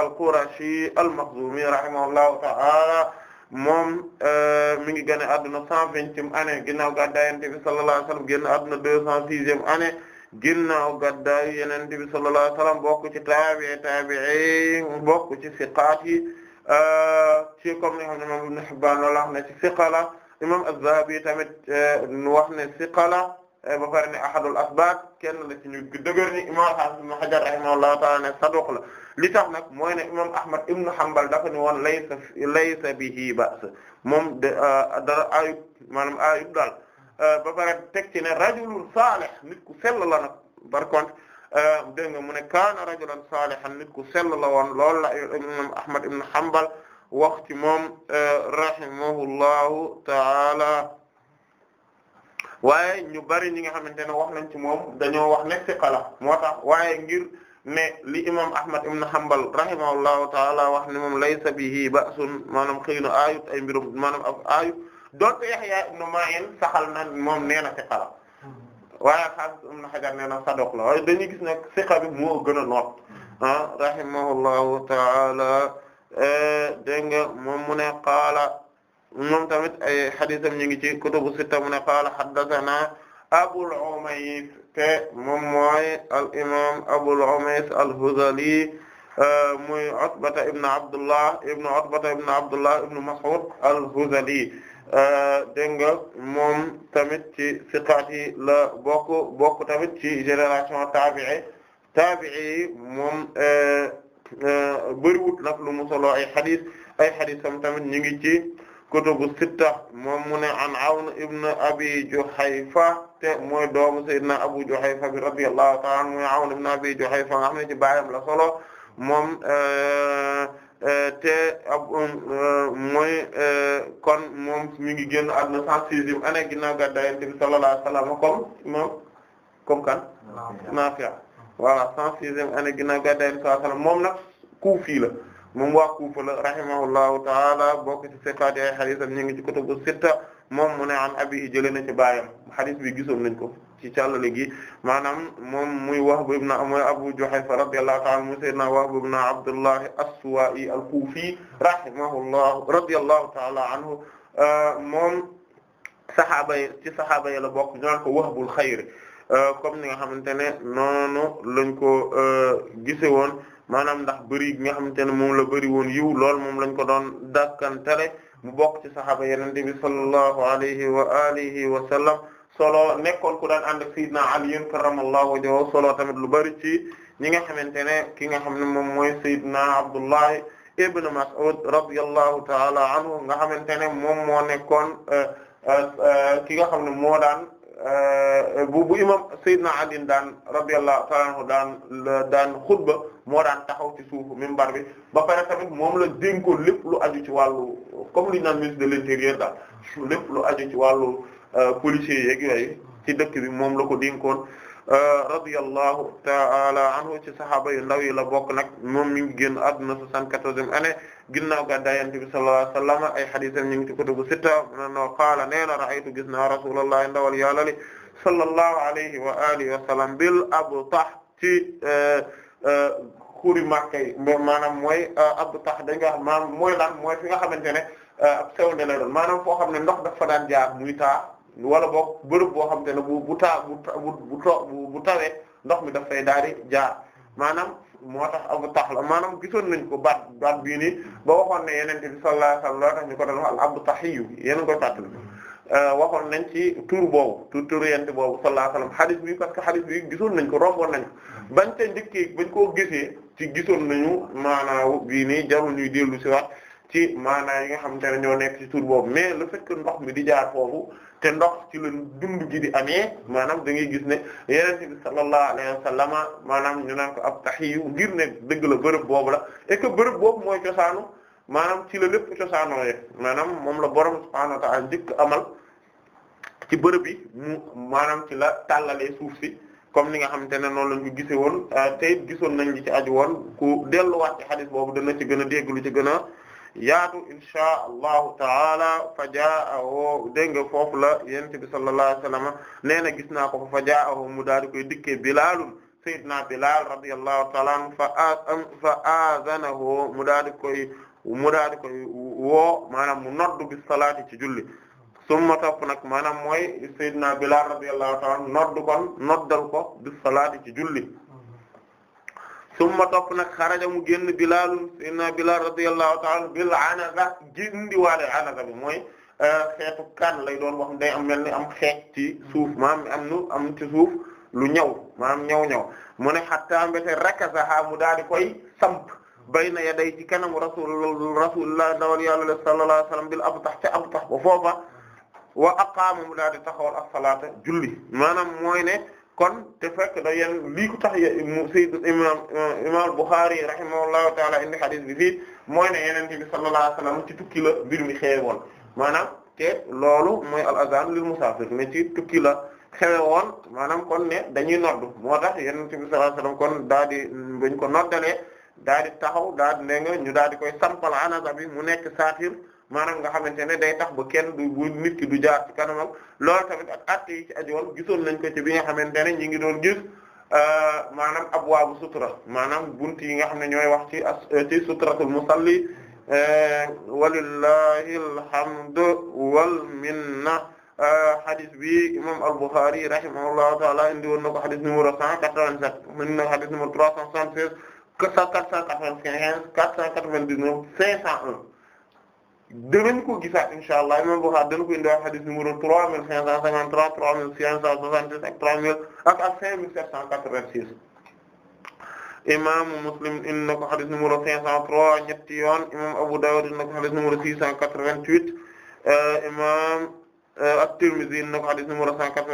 al-Qurashi al-Makhzumi rahimahullahu ta'ala moom euh, mi ngi génn àdduna 120e année ginnaaw gàddaay Yonent bi sallallahu alayhi wa sallam génn àdduna 206e année ginnaaw gàddaay Yonent bi sallallahu alayhi wa sallam bokk ci taabi'i taabi'i bokk ci siqaat yi ci comme ni nga xam ne moom Ibn Hibbaan loolu wax ne ci siqa la imam Az-Zahabi tamit eh, wax ne siqa la eh, ba pare ne ahadul asbat kenn la ci ñu dëgër ni imam Ibn Hajar rahimahullahu ta'ala ne saduq la li tax nag mooy ne imam Ahmad ibn Hanbal dafa ni woon laysa laysa bihi ba's moom de eh, dara ayub maanaam ayub daal ba pare teg ci ne rajulun salih nit ku sell la nag par contre Euh, dégg nga mu ne kaana rajulan salihan nit ku sell la woon loolu la imam Ahmad ibn Hanbal wax ci moom euh, rahimahullahu taala waaye ñu bari ñi nga xamante ne wax nañ ci moom dañoo wax ne siqa la moo waaye ngir ne li imam Ahmad ibn Hanbal rahimahullahu wax ne moom laysa bihi ba'sun maanaam xëy na aayut ay mbirum maanaam ak aayut doonte Yahya ibn Ma'in saxal na moom nee na siqa waaye xaafis ibn Hajar nee na sadoq la waaye dañuy gis nag siqa bi moo gën a noot ah rahimahullahu taala eh, dégg nga moom mu ne qaala moom tamit ay xadisam ñu ngi ci kutubu sitta mu ne qaala haddathana Abul Umays te moom mooy al imam Abul Umays al-Hudhali eh, muy Utbata ibn Abdullah ibn Utbata ibn Abdullah ibn Mas'ud al-Hudhali Euh, dégg nga moom tamit ci siqaat yi la bokk bokk tamit ci génération tabi'i tabi'i yi moom euh, euh, bëriwut nag lu mu solo ay xadis ay xadisam tamit ñu ngi ci kutubu sitta moom mu ne an Awn ibn Abi Juhayfa te mooy doomu Sayyidina Abu Juhayfa bi radiyallahu ta'ala anhu mooy Awn ibn Abi Juhayfa nga xam ne ci baayam la solo moom Euh, te ab um, euh, mooy euh, kon moom mi ngi génn àdduna cent sixième année ginnaaw gàddaay Yonent bi sallallahu alayhi wa sallam comme moom comme kan Naafi' voilà cent sixième année ginnaaw gàddaay Yonent bi sallallahu alayhi wa sallam moom nag Kuufi la moom waa Kuufa la rahimahullahu ta'ala bokk ci siqaat ay hadiisam ñu ngi ci kutubu sitta moom mu ne an abi jëlee na ci baayam hadiis bi gisoon nañ ko ci càllale gi maanaam moom muy Wahb ibn mooy Abu Juhayfa radiyallahu ta'ala anhu sayyidina Wahb ibn Abdullah as-Suwa'i al-Kufi rahimahullah radiyallahu ta'ala anhu euh, moom saxaaba yi ci saxaaba yi la bokk ñu naan ko Wahbul Xayr euh, comme ni nga xamante ne noonu lañ ko euh, gise woon maanaam ndax bëri bi nga xamante ne moom la bëri woon yiw lool moom lañ ko doon dàkkantele mu bokk ci saxaaba yenente bi sallallahu alayhi wa alihi wa sallam solo nekkoon ku daan ànd ak Seydina Ali karramallahu wajhahu solo tamit lu bari ci ñi nga xamante ne ki nga xam ne moom mooy Seydina Abdullah ibn Mas'ud radiyallahu ta'ala anhu nga xamante ne moom moo nekkoon euh, euh, euh, ki nga xam ne moo daan bu bu imam Seydina Ali daan radiyallahu ta'ala anhu daan daan xutba moo daan taxaw ci suufu minbar bi ba pare tamit moom la dénkoon lépp lu aju ci wàllu comme li ñu naan ministre de l'intérieur daal lu aju ci wàllu Euh, policiers yeeg yooyu ci dëkk bi moom la ko dénkoon euh, radiyallahu ta'ala anhu ci sahaaba yu ndaw yi la bokk nag moom mi ngi génn adduna soixante-quatorzième année ginnaaw gàddaay Yonent bi sallallahu alayhi wa sallam ay hadiisam ñu ngi ci kutubu sitta no qaala nee na ra'aytu gis naa Rasulullah ndawal Yàlla li sallallahu alayhi wa alihi wa sallam bil abtah ci euh, xuri Makka yi maanaam mooy abtah dañ nga maanaam mooy lan mooy fi nga xamante ne ab sew ne la xam ne ndox dafa daan jaar muy taa wala boog bërëb boo xam te ne bu bu taa bu bu bu bu tawee ndox mi daf fay daal di jaar maanaam moo tax abu tax la maanaam gisoon nañ ko baat baat bii nii ba waxoon ne yenente bi sallallahu alayhi wasallam loo ko doon wax al abu tahiyu yéena koy fàttali euh, waxoon nañ ci tur boobu boobu sallallahu alayhi wasallam hadith bi parce que hadith bi gisoon nañ ko romboon nañ bañ te njëkkee bañ koo gisee ci gisoon nañu maanaaw bii nii jarul ñuy dellu si wax ci maanaa yi nga xamante ne ñoo nekk ci tur boobu mais le fait ndox mi di jaar foofu te ndox ci la dund gi di amee maanaam da ngay gis ne yeneen bi sallallahu alayhi wa maanaam ñu naan ko ab taxiyu ngir ne dëgg la bërëb boobu la et bërëb boobu mooy cosaanu maanaam ci la lépp cosaanoo maanaam moom la borom subhaanahu wa amal ci bërëb yi mu maanaam ci la tàllalee suuf si comme ni nga xamante ne noonu lañ ko gisee woon ah, te gisoon nañ li ci aju woon ku delluwaat ci xadis boobu dana ci gën a dégg lu ci gën a yaatu insha allahu taala fa jaaho dégg nga foofu la yonent bi sallallahu alayhi wasallam nee na gis naa ko fa fa jaaho mu daal di koy dikkee bilaalum sayyidina bilaal radiyallahu taala fa am fa aazanahu koy mu daal maanaam mu noddu bi ci julli summa topp nag maanaam mooy sayyidina bilaal radiyallahu taala anhu noddal ko bi salaati ci julli summa topp nag xaraja mu génn Bilaal inna Bilaal radiyallahu ta'ala bil anaza gindi waale anaza bi mooy euh, xeetu kan lay doon wax day am mel ni am xeet ci suuf maam am nu am ci suuf lu ñaw maam ñaw ñaw mu ne xatta mbete rakazaha mu daal di koy samp bayna yaday ci kanam rasul rasulullah ndawal yàlla sallallahu alayhi wasallam bil abtah te abtah ba foofa wa aqaama mu daal di taxawal as-salaata julli maanaam mooy kon te fekk da yenn lii ko tax sayyid imam imam Bukhari rahimahullahu taala indi hadith bi fii mooy ne yeneen bi sallallahu alayhi ci tukki la mbir mi xewe woon maanaam te loolu mooy al azan lil musafir ne ci tukki la xewe woon maanaam kon ne dañuy nodd moo tax yeneen bi sallallahu alayhi wasallam kon daa di bañ ko noddalee daa di taxaw daa di nga ñu daa di koy sampal anasa bi mu nekk saatir maanaam nga xamante ne day tax ba kenn du bu nit du jaar kanama kanamam loolu tamit ak atte yi ci aju gisoon nañ ko ci bi nga xamante ne ñi ngi doon gis euh, maanaam abwaabu sutura maanaam buntu yi nga xam ne ñooy wax ci as euh, ci suturatul musalli euh, walillahi alhamdu wal minna hadith bi imam al-Bukhari rahimahullahu taala indi woon na ko hadith numéro 187 mën na hadith numéro 376 495 499 501 danañ ko gisaat insha allah imam Bukhari dana ko indiwaat hadith numéro trois mille cinq cent trois trois cinq cent soixante-six ak trois mille ak ak cinq mille sept cent quatre-vingt-six imam Muslim indi na ko hadith numéro cinq cent trois ñetti yoon imam Abu Dawud indi na ko hadith numéro six cent quatre-vingt-huit euh, imam euh, At-Tirmidhi indi na ko hadith quatre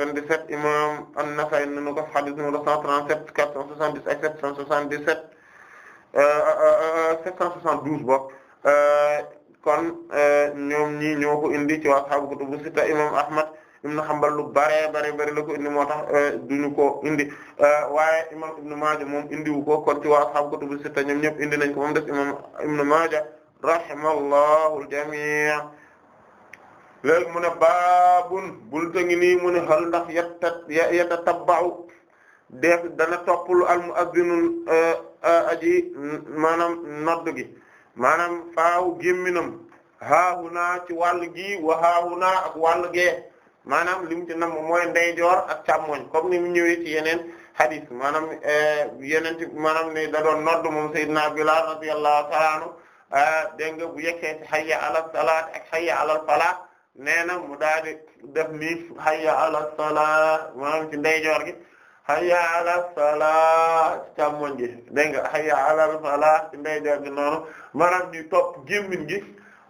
An-Nasa'i indi na ko hadith cent soixante-dix ak sept cent soixante-dix-sept euh, sept cent soixante-douze bokk kon e, ñoom ñii ñoo ko indi ci waa ashaabu kutubu sitta imam Ahmad ibn Hanbal lu bare bare bare la ko indi moo tax e, duñu indi e, waaye imam ibn Maaja moom indiwu ko kon ci waa ashaabu kutubu sitta ñoom ñëpp indi nañ ko moom def imam ibn Maaja rahimallahu al-jamii' léegi mu ne baabun bul ta ngi nii mu ndax yetta yetta tabba'u def dana topplu al aji maanaam nodd gi maanaam faaw gémminam haahunaa ci wàll gi wa haahunaa ak wàll gee maanaam li mu ci nam mooy ndeyjoor ak càmmoñ comme ni mu ñëwee ci yeneen hadith maanaam eh, yeneen ci maanaam ne da doon moom Seydina Bilaal radiyallahu ta'ala anhu eh, dégg bu yekkee ci hayya ala salaat ak hayya ala falaa nee na mu daal di def nii hayya ala salaat maanaam ci ndeyjoor gi hayya ala salaa ci gi dégg nga hayya ala salaa ci ndeyjoor gi noonu maanaam ñuy topp gémmiñ gi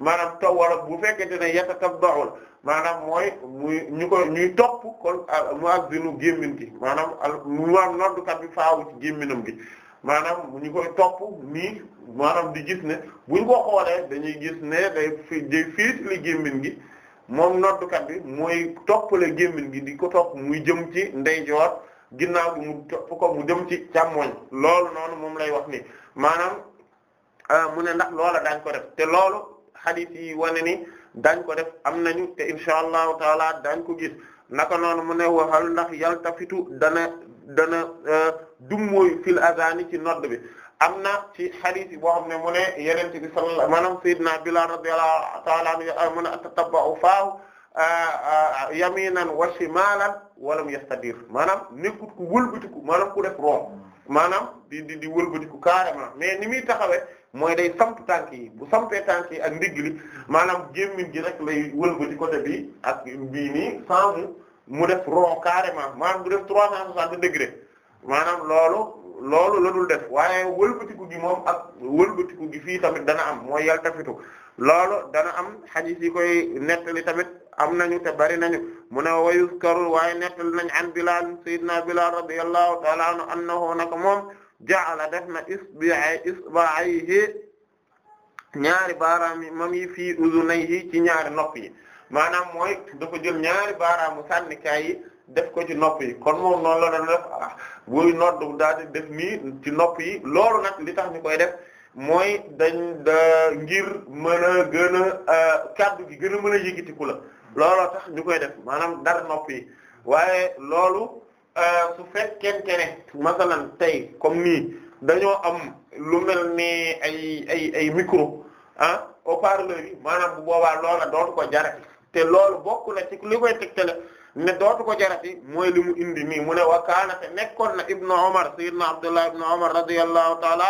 maanaam taw wala bu fekkente ne yatatabba'u la maanaam mooy muy ñu koy ñuy topp kon muazzinu gémmiñ gi maanaam al noddukat bi faawu ci gi maanaam ñu koy topp nii maanaam di gis ne buñ ko xoolee dañuy gis ne day day fiitli gémmiñ gi moom noddukat bi mooy toppale gémmiñ gi di ko topp mu jëm ci ndeyjoor ginnaaw bi mu topp ko mu dem ci càmmoñ loolu noonu moom lay wax ni maanaam euh, mu ne ndax loola daañ ko def te loolu hadith yi wane ni daañ ko def am nañu te insha allahu taala daañ ko gis naka noonu mu ne waxal ndax yaltafitu dana dana euh, dummóoyu fil azani ci nodd bi am na ci hadith yi boo xam ne mu ne ti bi sallallahu maanaam sayyidina Bilal radiyallahu taala anhu mu ne atatabba'u faahu yaminan wa shimalan walam yastadir maanaam nekkut ku wëlbatiku maanaam ku def ron maanaam di di di wëlbatiku carrément mais ni muy taxawee mooy day samp tànk yi bu sampee tànk yi ak ndigg li maanaam gémmiñ gi rek lay wëlbati côté bi ak bii nii change mu def ron carrément maanaam bu def trois cent soixante degré maanaam loolu loolu la dul def waaye wëlbatiku gi moom ak wëlbatiku gi fii tamit dana am mooy yàlla tafitu loolu dana am xadis yi koy nettali tamit am nañu te bari nañu mu ne wa yuskaru waaye nettali nañ an Bilaal sayyidina Bilaal radiyallahu ta'ala anhu annahu naka moom ja'ala def na isbi'i isba'ihi ñaari baaraam yi mam yi fii uzunayhi ci ñaari nopp yi maanaam mooy dafa jël ñaari baaraamu sànnikaay yi def ko ci nopp yi kon moom noonu la dana def ah, buy nodd daal di def nii ci nopp yi loolu na li tax ñu koy def mooy dañ da ngir mën kaddu gi gën a mën a yëkkatiku la looloo tax ñu koy def maanaam dara nopp waaye loolu su fekkente ne masalan tey comme nii dañoo am lu mel ni ay ay ay micro ah haut-parleur yi maanaam bu boobaa loola dootu ko jarati te loolu bokku na ci li koy tegtale ne dootu ko jarati mooy li mu indi nii mu ne wa kaana te nekkoon na Ibnu Umar sayyidna Abdullah ibnu Umar radiyallahu ta'ala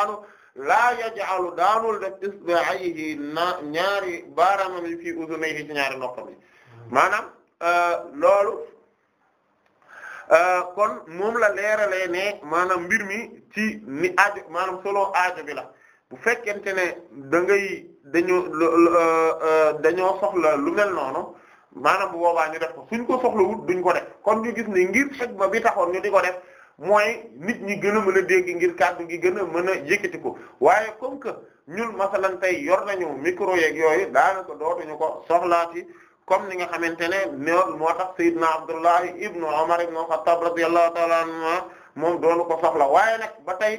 laa yaj'alu daanul def isba'ihi na ñaari baaraamam yi fii uzunayhi ci ñaari noppam yi hmm. maanaam euh, loolu euh, kon moom la leeralee ne maanaam mbir mi ci ni aajo maanaam solo aajo bi la bu fekkente ne dangay ngay dañoo euh, dañoo soxla lu mel noonu maanaam bu boobaa ñu def ko suñ ko soxlawut duñ ko def kon ñu gis ne ngir xegma bi taxoon ñu di ko def mooy nit ñi gën a mën dégg ngir kàddu gi gën a mën a yëkkati ko waaye comme que ñun masalan tey yor nañu micro yeeg yooyu daanaka dootuñu ko soxlaati comme ni nga xamante ne noonu moo tax Seydina Abdullahi ibnu Umar ibnu Xattaab radiyallahu ta'ala anhu moom doonu ko soxla waaye nag ba tey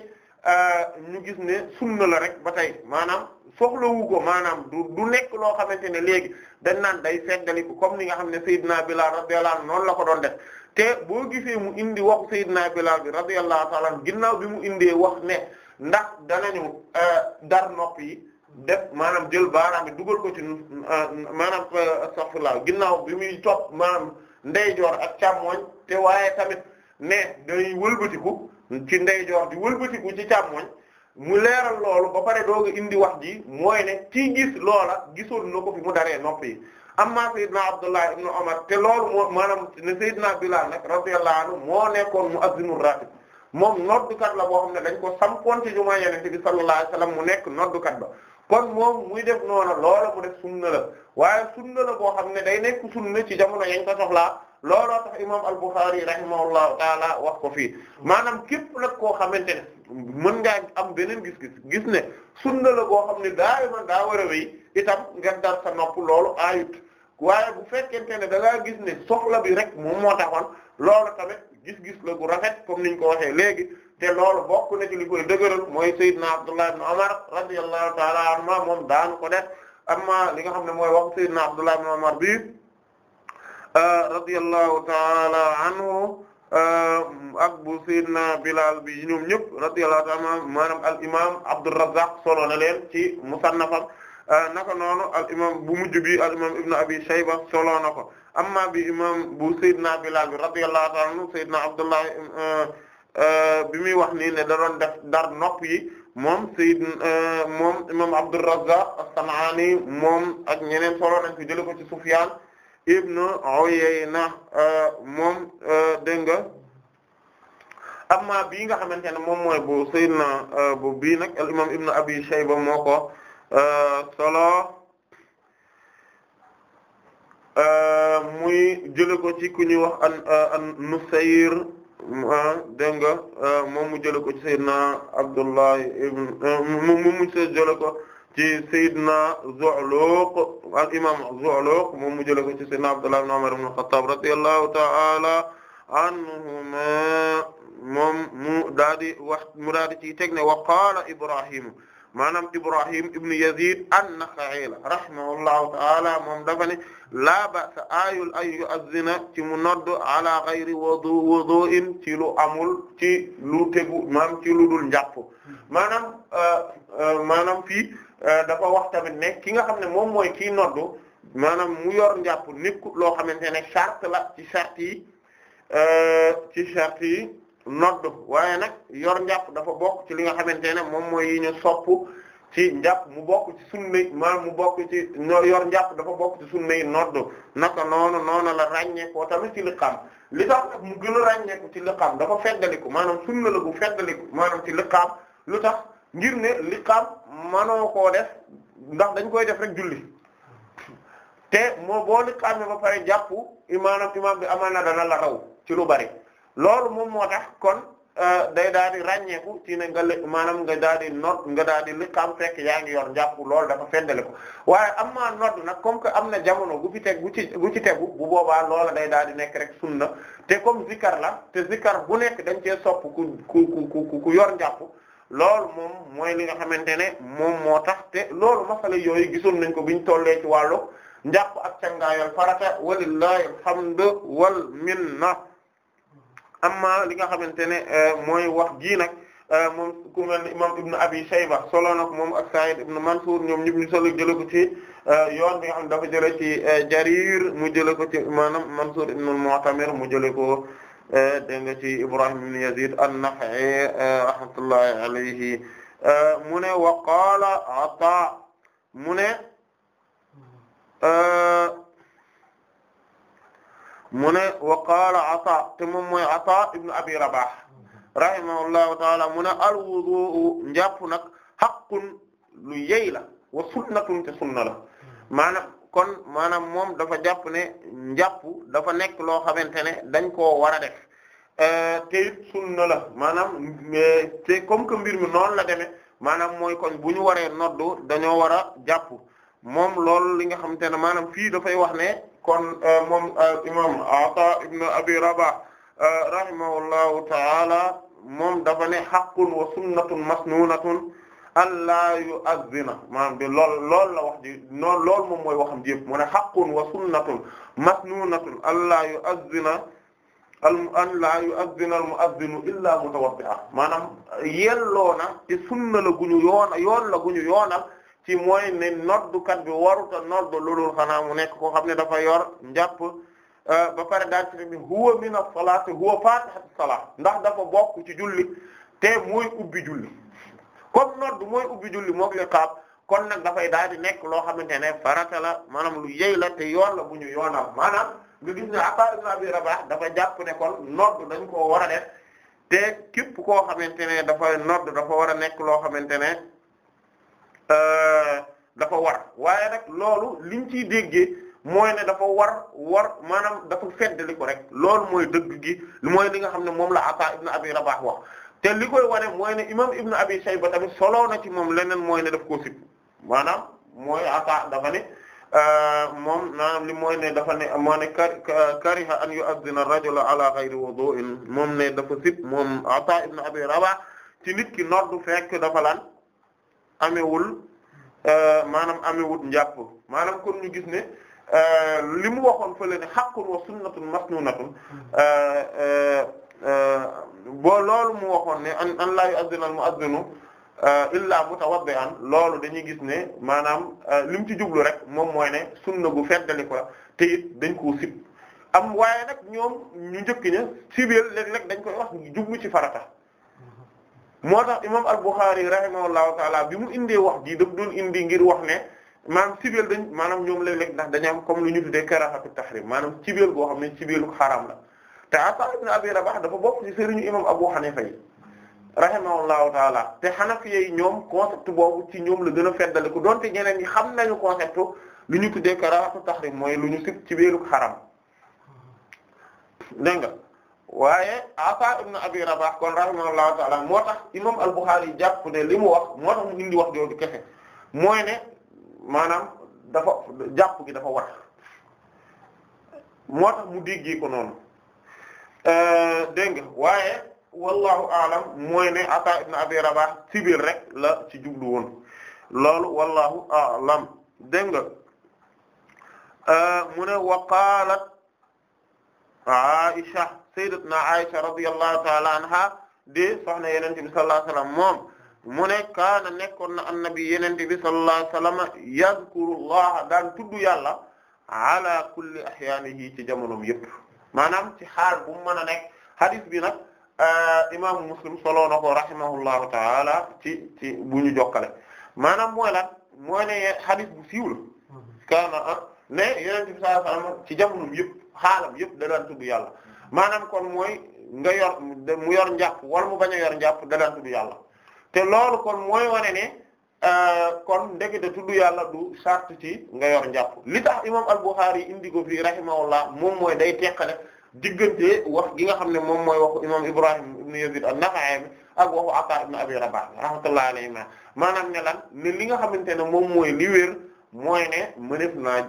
euh, ñu gis ne sunna la rek ba tey maanaam soxlawu ko maanaam du du nekk loo xamante ne léegi dañ naan day feddaliku comme ni nga xam ne Seydina Bilaal radiyallahu anhu noonu la ko doon def te boo gisee mu indi waxu naa Bilaal bi radiyallahu ta'ala ginnaaw bi mu indee wax ne ndax danañu euh, dar nopp yi def maanaam jël baaraam bi dugal ko ci euh, maanaam euh, astaghfirullah ginnaaw bi muy topp maanaam ndeyjoor ak càmmooñ te waaye tamit ne day wëlbatiku ci ndeyjoor di wëlbatiku ci càmmooñ mu leeral loolu ba pare doog indi wax ji mooy ne ci gis loola gisoon na ko fi mu daree nopp yi amma Seydina Abdullah ibn Umar te loolu moo maanaam ne Seydina Bilal nag radiyallahu anhu moo nekkoon moom noddukat la boo xam ne dañ ko sampoon ci jumaa Yonent bi sallallahu alayhi mu nekk noddukat ba kon moom muy def noonu loola mu def sunna la waaye sunna la boo xam ne day nekk sunna ci jamono yañ ko soxlaa looloo tax imam al-Bukhari rahimahullahu taala wax ko fii maanaam képp nag koo xamante ne mën ngaa am beneen gis-gis gis ne sunna la boo xam ne daa man daa war a itam nga dar sa nopp loolu waaye bu fekkente ne da gis ne soxla bi rek moom moo taxoon loolu tamit gis-gis la gu rafet comme niñ ko waxee léegi te loolu bokk na ci li koy mooy Seydina Abdullah ibn Umar radiyallahu ta'ala anhuma moom daanu ko def amma li nga xam ne mooy wax Seydina Abdullah ibn Umar bi euh, radiyallahu ta'ala anhu euh, ak bu Seydina Bilal bi ñoom ñëpp radiyallahu ta'ala maanaam al imam Abdurrazzaq solo na leen ci musannafam Euh, naka noonu al imam bu mujj bi al imam ibnu abi shayba solo na ko amma bi imam bu sayyidina bilal bi radiyallahu ta'ala anhu euh, euh, bi muy wax nii ne da doon dar nopp yi moom sayyid moom imam abdurrazzaq as-san'ani moom ak ñeneen solo nañ ko jële ko ci sufyan ibnu uyayna moom dégg amma bii nga xamante ne moom mooy bu sayyidina bu bii nag al imam ibnu abi shayba moo solo muy jële ko ci ku ñuy wax an euh, an Nusayr ah, dégg nga moom mu jële ko ci Seydina Abdullah ibn euh, moom mu jële ko ci Seydina Zu'luq al imam Zu'luq moom mu jële ko ci Seydina Abdullah ibn Umar ibn al-Khattab radiyallahu ta'ala anhuma moom mu daal di wax mu daal di ciy teg ne wa qaala Ibrahim maanaam Ibrahim ibn Yazid an-Nakha'i la rahimahullahu ta'ala moom dafa ne laa ba'sa aayul an yu'azzina ci mu nodd ala ghayri wudu wudu'in ci lu amul ci lu tegu maanaam ci lu dul njàpp maanaam euh, euh, maanaam fii euh, dafa wax tamit ne ki nga xam ne moom mooy kii nodd maanaam mu yor njàpp nit ku loo xamante ne charte la ci charte ci charte yi nodd waaye nag yor njàpp dafa bokk ci li nga xamante ne moom mooy yi ñu sopp ci njàpp mu bokk ci sunna maanaam mu bokk ci yor njàpp dafa bokk ci sunna yi nodd naka noonu noonu la ràññeekoo tamit ci liqaam li tax nag mu gën a ràññeeku ci liqaam dafa feddaliku maanaam sunna la bu feddaliku ci liqaam lu tax ngir ne liqaam manoo koo def ndax dañ koy def rek julli te moo boo liqaamee ba pare jàpp imaanam imaam bi amaan na dana la raw ci lu bari loolu moom moo tax kon euh, day daal di ràññeeku ci ne nga le maanaam nga daal di nodd nga daal di liqaam fekk yaa ngi yor njàpp lool dafa feddale ko waaye am maa nodd nag comme que am na jamono gu fi teg bu ci bu ci tegu bu boobaa loola day daal di nekk rek sunna te comme zikkar la te zikkar bu nekk dañ cee sopp ku ku ku ku yor njàpp loolu moom mooy li nga xamante ne moom moo tax te loolu masala yooyu gisoon nañ ko biñ tollee ci wàllu njàpp ak cangaayal farata walillahi alhamdu wal minna amma li nga xamante ne euh, mooy wax ji nag euh, moom ku mel ne imam Ibn Abi Shayba solo nag moom ak Sa'id ibn Mansur ñoom ñëpp ñu solo jëlee ko ci euh, yoon bi nga xam dafa jëlee ci Jarir mu jëlee ko ci maanaam Mansur ibn al-Mu'tamir mu jëlee ko dégg nga ci Ibrahim ibn Yazid an-Nakha'i rahmatullahi alayhi mu ne wa qaala Ata mu ne. mu ne wa qaala te moom mooy ata ibnu abi rabah rahimahullahu taala mu ne al wudu njàpp nag xaqun lu yey la wa sunnatun te sunna la maanaam kon maanaam moom dafa jàpp ne njàpp dafa nekk loo xamante ne dañ koo war a def euh, te it sunna la maanaam te comme que mbir mi noonu la demee maanaam mooy kon bu ñu waree noddu dañoo war a jàpp moom loolu li nga xamante ne maanaam fii dafay wax ne kon euh, moom euh, imam Ata ibn Abi Rabah euh, rahimahullahu ta'ala moom dafa ne haqqun wa sunnatun masnunatun allah yu azina maanaam de lool lool la wax ji noonu loolu moom mooy waxam ji mu ne haqqun wa sunnatun masnunatun allah yu azina an la yu azina al muazzinu illa mutawaddi'a maanaam yelloo na te sunna la guñu yoona yoon la guñu yoonal ci mooy ne noddukat bi warut a nodd loolu xanaa mu nekk koo xam ne dafa yor njàpp euh, ba pare daal ci ne huwa min dafa bokk ci julli te mooy ubbi julli comme nodd ubbi julli moom la kon nag dafay daal di nekk loo xamante ne farata la maanaam lu yey la te yoon la bu ñu yoonal maanaam nga gis ne Ataa ibn Abi Rabaah dafa jàpp ne kon nodd dañ koo war a def te képp koo xamante ne dafa nodd dafa war a nekk loo xamante ne. Euh, dafa war waaye nag loolu liñ ciy déggee mooy ne dafa war war maanaam dafa feddali ko rek loolu mooy dëgg gi mooy li nga xam ne moom la Ataa ibn Abi Rabah wax te li koy wane mooy ne imam ibn Abi Shayba tamit soloo na ci moom leneen mooy ne daf koo maanaam mooy Ataa dafa ne euh, moom maanaam li mooy ne dafa ne moo ne kariha an yu'adhdhina ar-rajulu ala ghayri wudu'in moom ne dafa sib moom ibn Abi Rabah ci nit ki noddu fekk dafa lan amewul euh, maanaam amewul njàpp maanaam kon ñu gis ne euh, li mu waxoon fële ne haqqun wa ñu masnunatun euh, boo loolu mu waxoon ne an an laa yu'adhdhinu al-mu'adhdhinu illa mutawaddi'an loolu dañuy gis ne maanaam li mu ci jublu rek moom mooy ne sunna gu feddali ko te dañ koo sib am waaye nag ñoom ñu njëkk ña si biir léeg dañ koy wax jublu ci farata moo tax imam al-Bukhari rahimahullahu taala bi mu indee wax ji daf doon indi ngir wax ne maanaam cibeel dañ maanaam ñoom léeg-léeg ndax dañu am comme lu ñu tuddee karahatu tahrim maanaam cibeel boo xam ne cibeelu xaram la te Ata ibn Abi Rabah dafa bokk ci sëriñu imam Abu Hanifa yi rahimahullahu taala te Hanafi yi ñoom concept boobu ci ñoom la gën a feddale ko donte ñeneen ñi xam nañu concept lu ñu tuddee karahatu tahrim mooy lu ñu sib cibeelu xaram dégg nga waaye Ata ibn Abi Rabah kon rahimahullahu ta'ala moo tax imam al-Bukhari jàpp ne li mu wax moo tax mu indi wax jooju kese mooy ne maanaam dafa jàpp gi dafa war moo tax mu déggee ko noonu euh, dégg waaye wallahu aalam mooy ne Ata ibn Abi Rabah sibil rek la ci jublu woon loolu wallahu aalam dégg euh, mu ne waqaalat Aisha sayyidatuna Aisha radiyallahu ta'ala anha di soxna yonent bi sallallahu alayhi moom mu ne kaana nekkoon na annabi yonent bi sallallahu alayhi wasallam yazkurullaha daan tudd yàlla ala kulli ahyaanihi ci jamonoom yëpp maanaam ci xaal bu mu mën a nekk hadith bi nag euh, imaamu muslim solo na ko rahimahullahu ta'ala ci ci bu ñu jokkale maanaam mooy lan ne hadith bu siiw la mm-hmm. kaana ah, ne yonent bi sallallahu alayhi wasallam ci jamonoom yëpp xaalam yëpp da daan tudd yàlla. maanaam kon mooy nga yor mu yor njàpp wala mu bañ a yor njàpp dana tudd yàlla te loolu kon mooy wane ne euh, kon ndekete tudd yàlla du sart ci nga yor njàpp li tax imam al yi indi ko fii rahimahullah moom mooy day teqale diggante wax gi nga xam ne moom mooy waxu imam Ibrahim ibn Yazid ak waxu Ataa ibn Abi Rabah rahmatullahi alayhi maanaam ne lan ne li nga xamante ne moom mooy li wér mooy ne mënef naa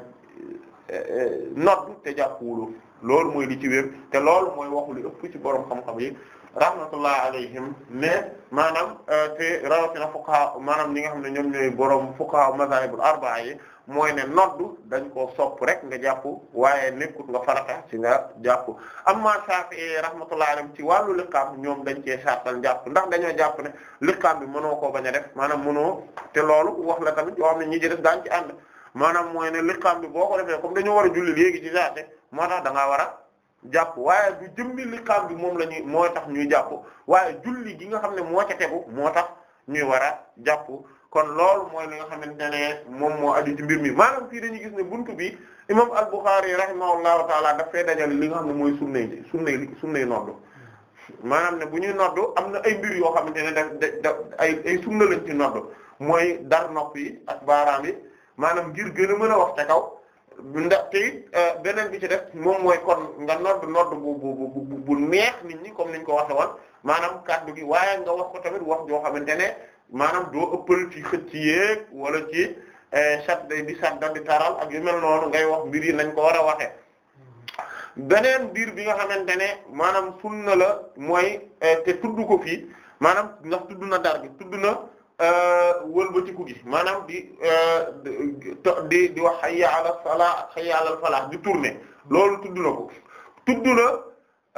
euh, euh, nodd te jàpp wuloo loolu mooy li ci wér te loolu mooy waxul li ëpp ci borom xam-xam yi rahmatullah alayhim ne maanaam euh, te rawatina fuqaha maanaam ñi nga xam ne ñoom ñooy borom fuqaha mazahibul arba'a yi mooy ne noddu dañ koo sopp rek nga jàpp waaye nekkut nga farata ci nga jàpp amma Shafi'i rahmatullah alayhim ci wàllu liqaam ñoom dañ cee sartal jàpp ndax dañoo jàpp ne liqaam bi mënoo koo bañ a def maanaam mënoo te loolu wax la tamit yoo xam ne ñi ci def daañu ci ànd maanaam mooy ne a julli léegi ci moo tax da ngaa war a jàpp waaye bu jëmmi liqaam bi moom la ñuy moo tax ñuy jàpp waaye julli gi nga xam ne moo ca tegu moo tax ñuy war a jàpp kon loolu mooy li nga xam ne moom moo aju ci mbir mi maanaam fii dañuy gis ne buntu bi imam al-Bukhari rahimahullahu taala daf fee dajale li nga xam ne mooy sunnay sunnay sunnay noddu maanaam ne bu ñuy noddu am na ay mbir yoo xam ne daf da ay ay sunna lañ ci noddu mooy dar nopp yi ak baaraam yi maanaam ngir gën a mën a wax ca kaw ndax te it euh, beneen bi ci def moom mooy kon nga nodd nodd bu bu bu bu neex nit ñi comme niñ ko waxe woon maanaam kaddu gi waaye nga wax ko tamit wax joo xamante ne maanaam doo ëppal ci xëcc yéeg wala ci euh, sadda di sadda di taral ak yu ngay wax mbir yi nañ ko war a waxe beneen biir bi nga xamante ne maanaam sunna la mooy euh, te tudd ko fii maanaam ndax tudd na dar gi tudd na Euh, wëlbatiku gi maanaam euh, di di di wax hayya ala salaa ak hayya di tourner loolu tudd na ko tudd na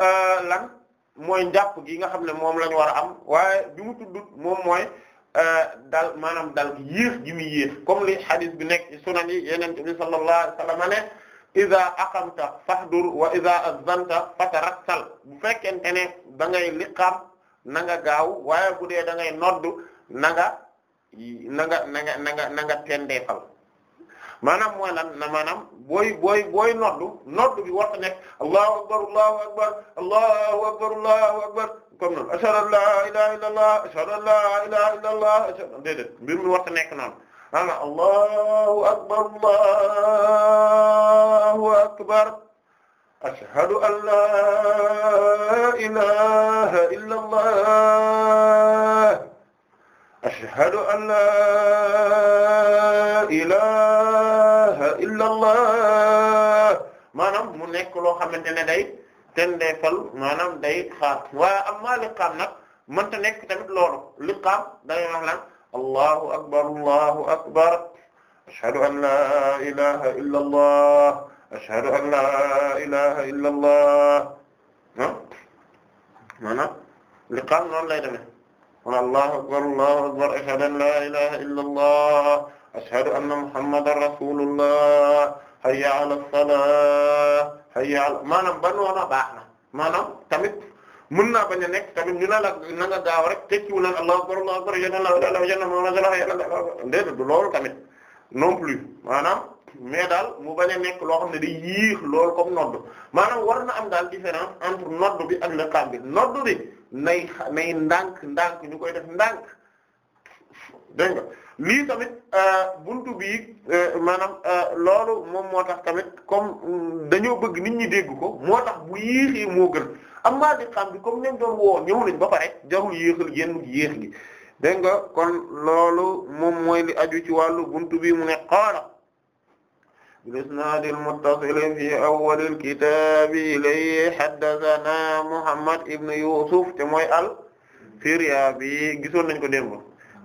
euh, lan mooy njàpp gi nga xam ne moom la ñu war a am waaye bi mu tudd moom mooy dal maanaam dal gi gi muy yéex comme li hadith bi nekk sunan yi yeneen bi sallallahu alayhi wa sallam ne iza aqamta fahdur wa iza azanta fatarassal bu fekkente ne da ngay liqaam na nga gaaw waaye bu dee da ngay noddu na nga na nga na nga na nga na nga tendeefal maanaam mooy lan na maanaam booy booy booy noddu noddu bi warta nekk allahu akbar allahu akbar allahu akbar allahu akbar comme noonu ashhadu an la ilaha illa allah ashhadu an la ilaha illa allah déedéet mbir mi warta nekk noonu maanaam allahu akbar allahu akbar ashhadu an la ilaha illa allah ashhadu an laa ilaha illa allah maanaam mu nekk loo xamante ne day ten day fal maanaam day xaar waaye amma liqaam nag mënta nekk tamit loolu liqaam da ngay wax naan allahu akbar allahu akbar ashhadu an laa ilaha illa allah ashhadu an laa ilaha illa allah maanaam liqaam noonu lay demee mun allahu akbar allahu akbar ashhadu an la ilaha illa allah ashhadu anna muhammadan rasulullah hayya ala salah hayya ala maanaam ba noona baax na maanaam tamit mën naa bañ a nekk tamit ñu na la na nga la yàlla moom la yàlla na la déedéet du loolu tamit non plus maanaam mais daal mu bañ loo xam ne day yéex loolu am daal différence entre nodd bi ak le qaam bi nodd bi. nay nay ndànk ndànk ñu koy def ndànk dégg nga lii tamit euh, buntu bii euh, maanaam euh, loolu moom moo tax tamit comme mm, dañoo bëgg nit ñi dégg ko moo tax bu yéexee moo gën am maa di xam bi comme nañ doon woo ñëw nañ ba pare jarul yéexal yenn yéex gi dégg nga kon loolu moom mooy aju ci wàllu buntu bii mu ne qaala بالإسناد المتصل في أول الكتاب إليه حدثنا محمد ibn Yusuf te mooy al-Firyaabi gisoon nañ ko démb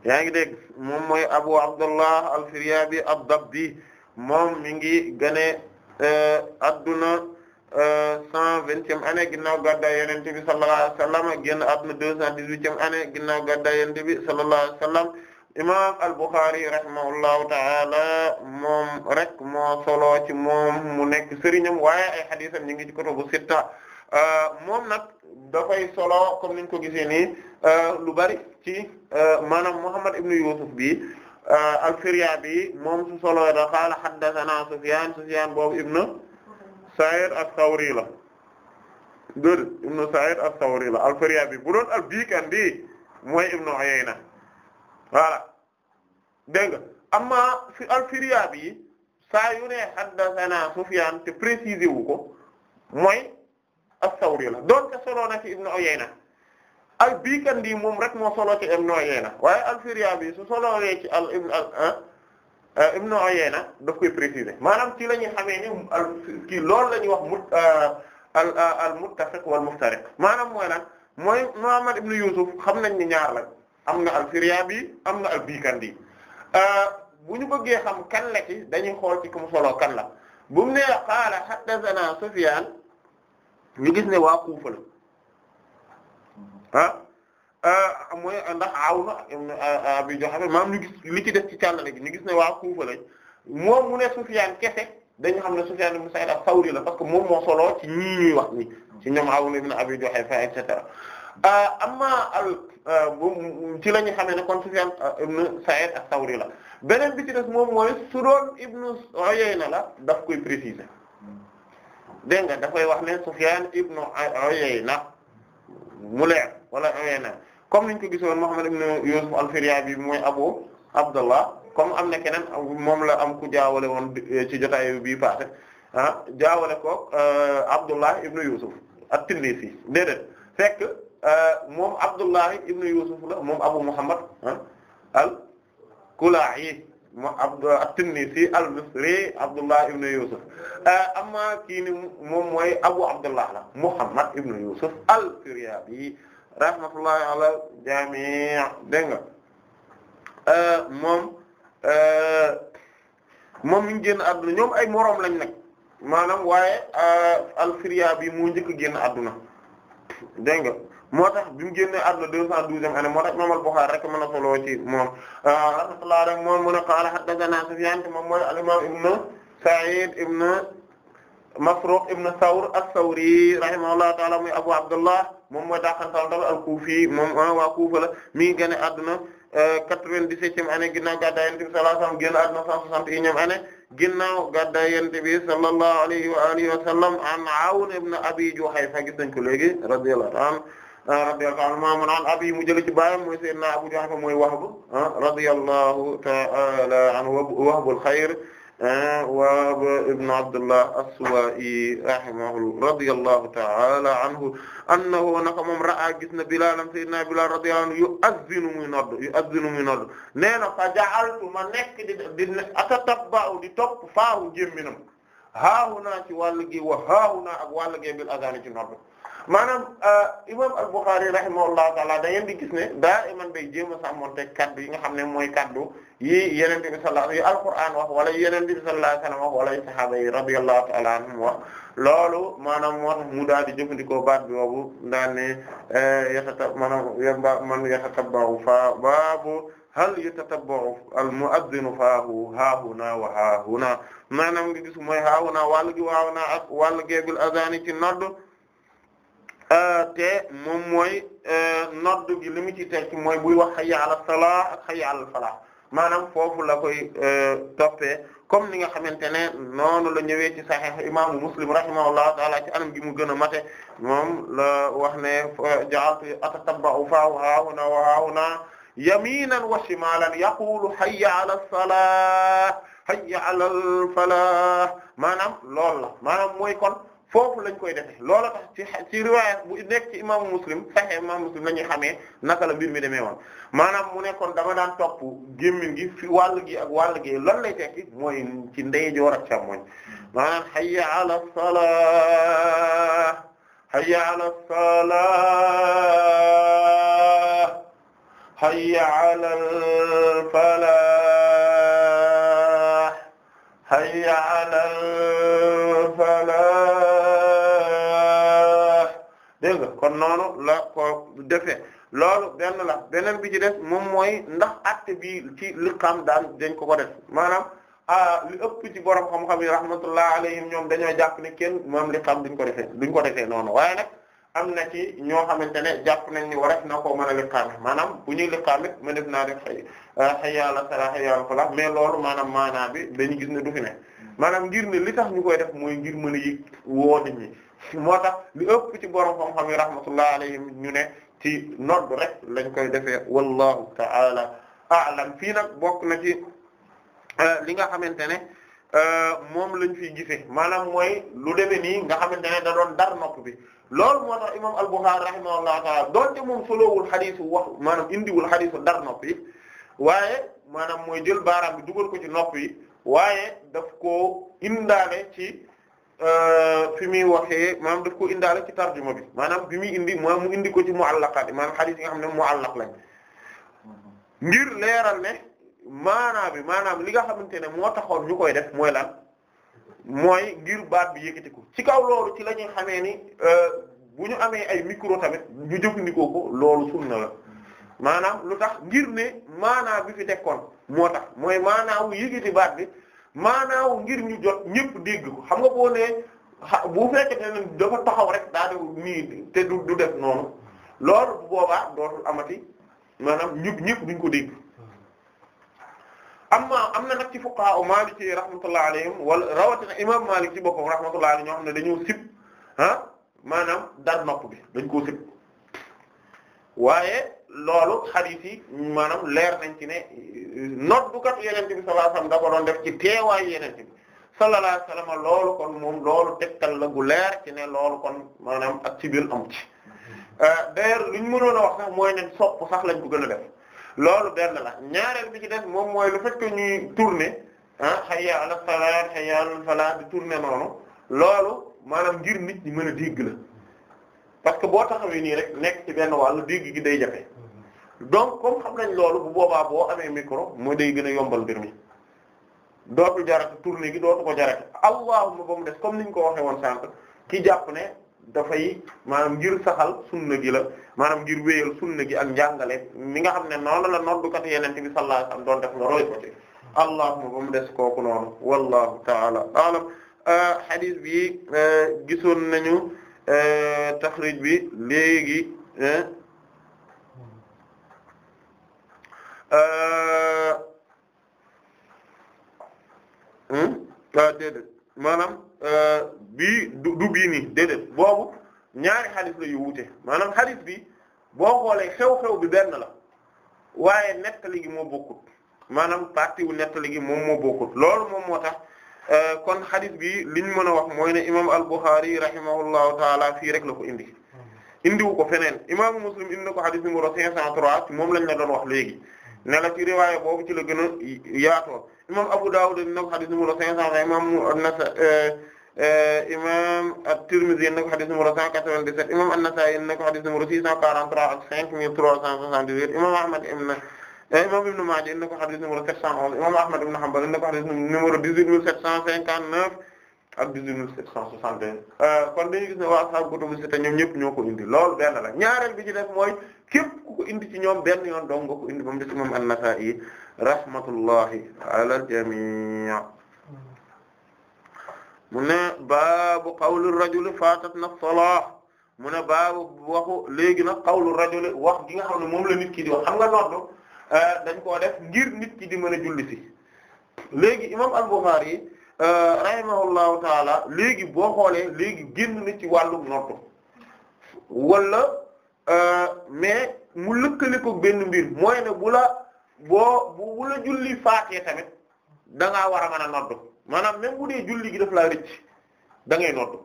yaa ngi dégg moom mooy Abu Abdullah al-Firyaabi ad-Dabbi moom mi ngi gane e, adduna e, cent vingtième année ginnaaw gàddaay Yonent bi sallallahu alayhi wa sallam génn adduna deux cent dix-huitième année ginnaaw gàddaay Yonent bi sallallahu alayhi imam al-Bukhari rahimahullahu ta'ala moom rek moo solo ci moom mu nekk sëriñam waaye ay xadisam ñu ngi ci kutubu sitta euh, moom nag dafay solo comme niñ ko gisee nii euh, lu bari ci euh, maanaam Muhammad ibn Yusuf bi al-Firyabi moom su solo da qaala haddathana Sufyan Sufyan boobu ibn Sa'id al-Firyabi bu doon al-Bikandi mooy ibn Uyayna voilà dégg nga amma fi al-Firyaabi bi saa yu ne haddathana Sufyaan te préciser wu ko mooy as doon te solo na ci Ibn Uyayna ay Bikandi moom rek moo solo ci Ibn Uyayna waaye al-Firyaabi su solo wee ci al ibn al ah, eh, Ibn Uyayna koy préciser maanaam ci la ñuy xamee ne al kii loolu la ñuy wax mut ah, al ah, al muttafiq wal muftariq maanaam mooy lan mooy Yusuf xam nañ ni ñaar la. am na al Firyaabi am na al Bikandi euh, bu ñu bëggee xam kan la dañuy xool ci ku mu solo kan la bu mu ne qaala haddathana Sufyaan ñu gis ne waa Kuufa la ah mooy ndax Awn euh, Abi Juhayfa maam ñu gis li ci def ci càllale gi ñu gis ne waa Kuufa la moom mu ne Sufyaan kese dañu xam ne Sufyaan mu Sa'iid as la parce que moom moo solo ci ñii wax ni ci ñoom Awn ibn Abi Juhayfa et cetera Euh, amma al euh, ci lañuy xamee ne kon Sufyan euh, ibn Sa'id as-Sawri la beneen bi ci des moom mooy su doon ibn Uyayna la daf koy préciser dégg nga dafay wax ne Sufyan ibn Uyayna mu leer wala Uyayna comme niñ ko gisoon Muhammad ibn Yusuf al-Firyabi mooy Abu Abdullah comme am na keneen moom la am ku jaawale woon ci jotaayu bi passé ah jaawale ko Abdullah ibn Yusuf at-Tinnisi déedéet fekk. Euh, moom Abdullahi ibn Yusuf la moom Abu Muhammad al Kulaa'i moom Abdu al-Misri Abdullah ibn Yusuf euh, amma kii ni moom mooy Abu Abdullah la Muhammad ibn Yusuf al-Firyabi rahmatullahi ala jami' dégg nga euh, moom moom mi ngi génn ñoom ay moroom lañ nag maanaam waaye al-Firyabi mu njëkk génn àdduna dégg moo tax bi mu génnee àdduna moo tax imam al-Bukhari rek mën a soloo ci moom euh, rahmatullah rek moom mu ne qaala haddathana Sufyan mooy al ibn Sa'id ibn Masruq ibn Thawr as-Sawri rahimahullahu ta'ala muy Abu Abdullah mooy daaxan al-Kufi ah, mi ngi génne àdduna euh, quatre-vingt-dix-septième année ginnaaw gàddaay Yonent bi sallallahu alayhi wasallam génn àdduna cent soixante et unième année ginnaaw gàddaay Yonent bi sallallahu alayhi wa alihi wa sallam an Awn ibn Abi Juhayfa gis nañ ko léegi radiyallahu anhu radiyallahu anhu maamun an abi mu jële ci baayam mooy sayyidina Abu Juhayfa mooy Wahb ah, radiyallahu ta'ala anhu Wahbul Khayr ah, Wahb ibn Abdullah as-Suwa'i rahimahu radiyallahu ta'ala anhu annahu naka moom ra'a gis na Bilaal sayyidina Bilaal radiyallahu anhu yu'adhdhinu muy nodd yu'adhdhinu muy nodd nee na fa ja'altu ma nekk di di atatabba'u di topp faahu jémminam haahu naa ci wàll gi wa haahu naa ak wàll gee bil adaan ci nodd maanaam euh, imam al-Bukhârî rahimahullahu taala da ngeen di gis ne daa iman bay jéem a sàmmonte kaddu yi nga xam ne mooy kaddu yi yeneen bi sallallahu yi al-Qur'an wax wala yeneen bi sallallahu alayhi wasallam wax wala y sahaaba yi radiyallahu taala anhum wax loolu maanaam moo tax mu daal di jëfandikoo baat bi boobu daan ne euh, yatata maanaam yamba man yatatabba'u fa baabu hal yatatabba'u al-mu'adhdhinu faahu haahuna wa haahuna maanaam nga gis mooy haahuna wàll gi waawunaa ak wàll geebil azani ci nodd Euh, te moom mooy euh, nodd gi li mu ci tekki mooy buy wax hayya ala salah ak hayya ala falah la koy euh, toppee comme ni nga xamante ne noonu la ci sahih imaamu muslim rahimahullahu taala ci anam gi mu gën a mate moom la wax ne ja'altu atatabba'u fa haahuna wa haahuna yaminan wa shimalan yaqulu hayya ala salah hayya ala falah maanaam loolu kon foofu lañ koy defee loolu tax ci ci riwaaya bu nekk ci imaamu muslim imaamu muslim la xamee naka la mbir mi demee woon maanaam nekkoon dama daan topp gémmiñ gi fi wàll gi ak wàll gi lan lay tekki mooy ci ndeyjoor ak càmmoñ maanaam hayya ala salaa falaah kon noonu la ko defee loolu benn la beneen bi ci def moom mooy ndax acte bi ci liqaam daan dañ ko ko def maanaam li ëpp ci borom xam-xam yi rahmatullah alayhim ñoom dañoo jàpp ne kenn moom liqaam duñ ko defee duñ ko defee noonu waaye nag am na ci ñoo xamante ne jàpp nañ ni wareef na koo mën a liqaame maanaam bu ñuy liqaame ma def naa def xëy hayya ala salaa hayya ala falah mais loolu maanaam maanaa bi dañu gis ne du fi maanaam ngir ne li tax ñu koy def mooy ngir mën a yëg woo nit ñi moo tax li ëpp ci borom xam-xam yi rahmatullah alayhim ñu ne ci nodd rek lañ koy defee wallahu ta'ala a'lam fii nag bokk na ci euh, li nga xamante ne euh, moom lañ fiy gisee maanaam mooy lu demee ni nga xamante ne da doon dar nopp bi lool moo tax imam al-Bukhari rahimahullahu ta'ala donte moom solowul xadiisu wax indiwul xadiisu dar nopp yi waaye maanaam mooy jël baaraam bi dugal ko ci nopp yi waaye daf koo indaale ci Euh, fi muy waxee maanaam daf ko indaale ci tarjuma bi maanaam bi muy indi maanaam mu indi ko ci mu muallaqaat maanaam hadith yi nga xam ne muallaq lañ ngir leeral ne maanaam bi maanaam li nga xamante ne moo taxoon ñu koy def mooy lan mooy ngir baat bi ko ci kaw loolu ci lañuy ñuy xamee ni euh, bu ñu amee ay micro tamit ñu jëfandikoo ko loolu sunna la maanaam lu tax ngir ne maanaam bi fi tekkoon moo tax mooy maanaamu yëkkati baat bi. maanaaw ngir ñu jot ñëpp digg ko xam nga boo nee bu fekkee ne dafa taxaw rek daa nii te du du def noonu loolu bu boobaa dootul amati maanaam ñëpp ñëpp duñ ko am na am na nag ci fuqaha maliki rahmatullah alayhim wala rawatina imam malik ci boppam rahmatullah alayhi ñoo xam ne dañoo sib ah maanaam dar nopp bi dañ koo sib waaye loolu xadiis yi maanaam leer nañ ci ne noddukat yenente bi sallallahu alayhi wasallam da ko doon def ci teewaay yenente bi sallallahu alayhi loolu kon moom loolu tegtal la gu leer ci ne loolu kon maanaam ak ci biir am ci euh, d'ailleurs li ñu mënoon a wax sax mooy ne sopp sax lañ ko gën a def loolu benn la ñaareel bi ci def moom mooy lu fekk ñuy tourner ah hayya ala salat hayya ala falah noonu loolu maanaam ngir nit ñi mën a dégg la parce que boo taxawee nii rek nekk ci benn wàllu dégg gi day jafe donc comme xam nañ loolu bu boobaa boo amee micro mooy day gën a yombal mbir mi dootu jarati tournée gi dootu ko jarati allahumma ba mu des comme niñ ko waxee woon sànq ki jàpp ne dafay maanaam ngir saxal sunna gi la maanaam ngir wéyal sunna gi ak njàngale mi nga xam ne noonu la noddukat yeneen bi sallallahu alayhi wasallam doon def nga roy ko ci allahumma kooku noonu wallahu ta'ala alam euh, hadith bi euh, gisoon nañu Euh, taxrij bi léegi euh, ah, déedéet maanaam euh, bii bi du bii nii déedéet boobu ñaari xadis la yu wuute maanaam xadis bi boo xoolee xew-xew bi benn la waaye nettali gi moo bokkut maanaam partie wu nettali gi moom moo bokkut loolu moom moo tax Euh, kon xadit bi liñ mën a wax mooy ne imam al-Bukhari rahimahullahu taala fii rek la ko indi indi wu ko feneen imaamu Muslim indi na ko xadis numéro 503 moom lañ la doon wax léegi ne la ci riwaaya boobu ci la gën a yaatoo imam Abu Dawud indi na ko xadis numéro 500 imam Nasa euh, euh, imam at-Tirmidhi indi na ko xadis numéro 197 imam an-Nasa'i indi na ko xadis numéro 643 ak 5378 imam Ahmad ibn Eh, imam Ibn Maaja indi na ko xadis numéro 711 imam Ahmad ibn Hanbal indi na ko xadis numéro 18759 ak 18761 eh, kon dañuy gis ne waa ashaabu kutubu sitta ñoom ñëpp ñoo ko indi loolu benn la ñaareel bi ci def mooy képp ku ko indi ci ñoom benn yoon dong nga ko indi moom des imam An-Nasaa'i rahmatullahi ala al-jamii' mu ne baabu qawlu rajuli faatatna as-salaat mu ne baabu waxu léegi nag qawlu rajuli wax gi nga xam ne moom la nit ki di wax xam nga noddu Euh, dañ koo def ngir nit ki di mën a julli si léegi imam al-Bukhari yi euh, rahimahullahu taala léegi boo xoolee léegi génn na ci wàllu noddu wala euh, mais mu lëkkale ko benn mbir mooy ne bu la boo bu la julli faatee tamit da war a mën a noddu maanaam même bu dee julli gi daf laa rëcc da ngay noddu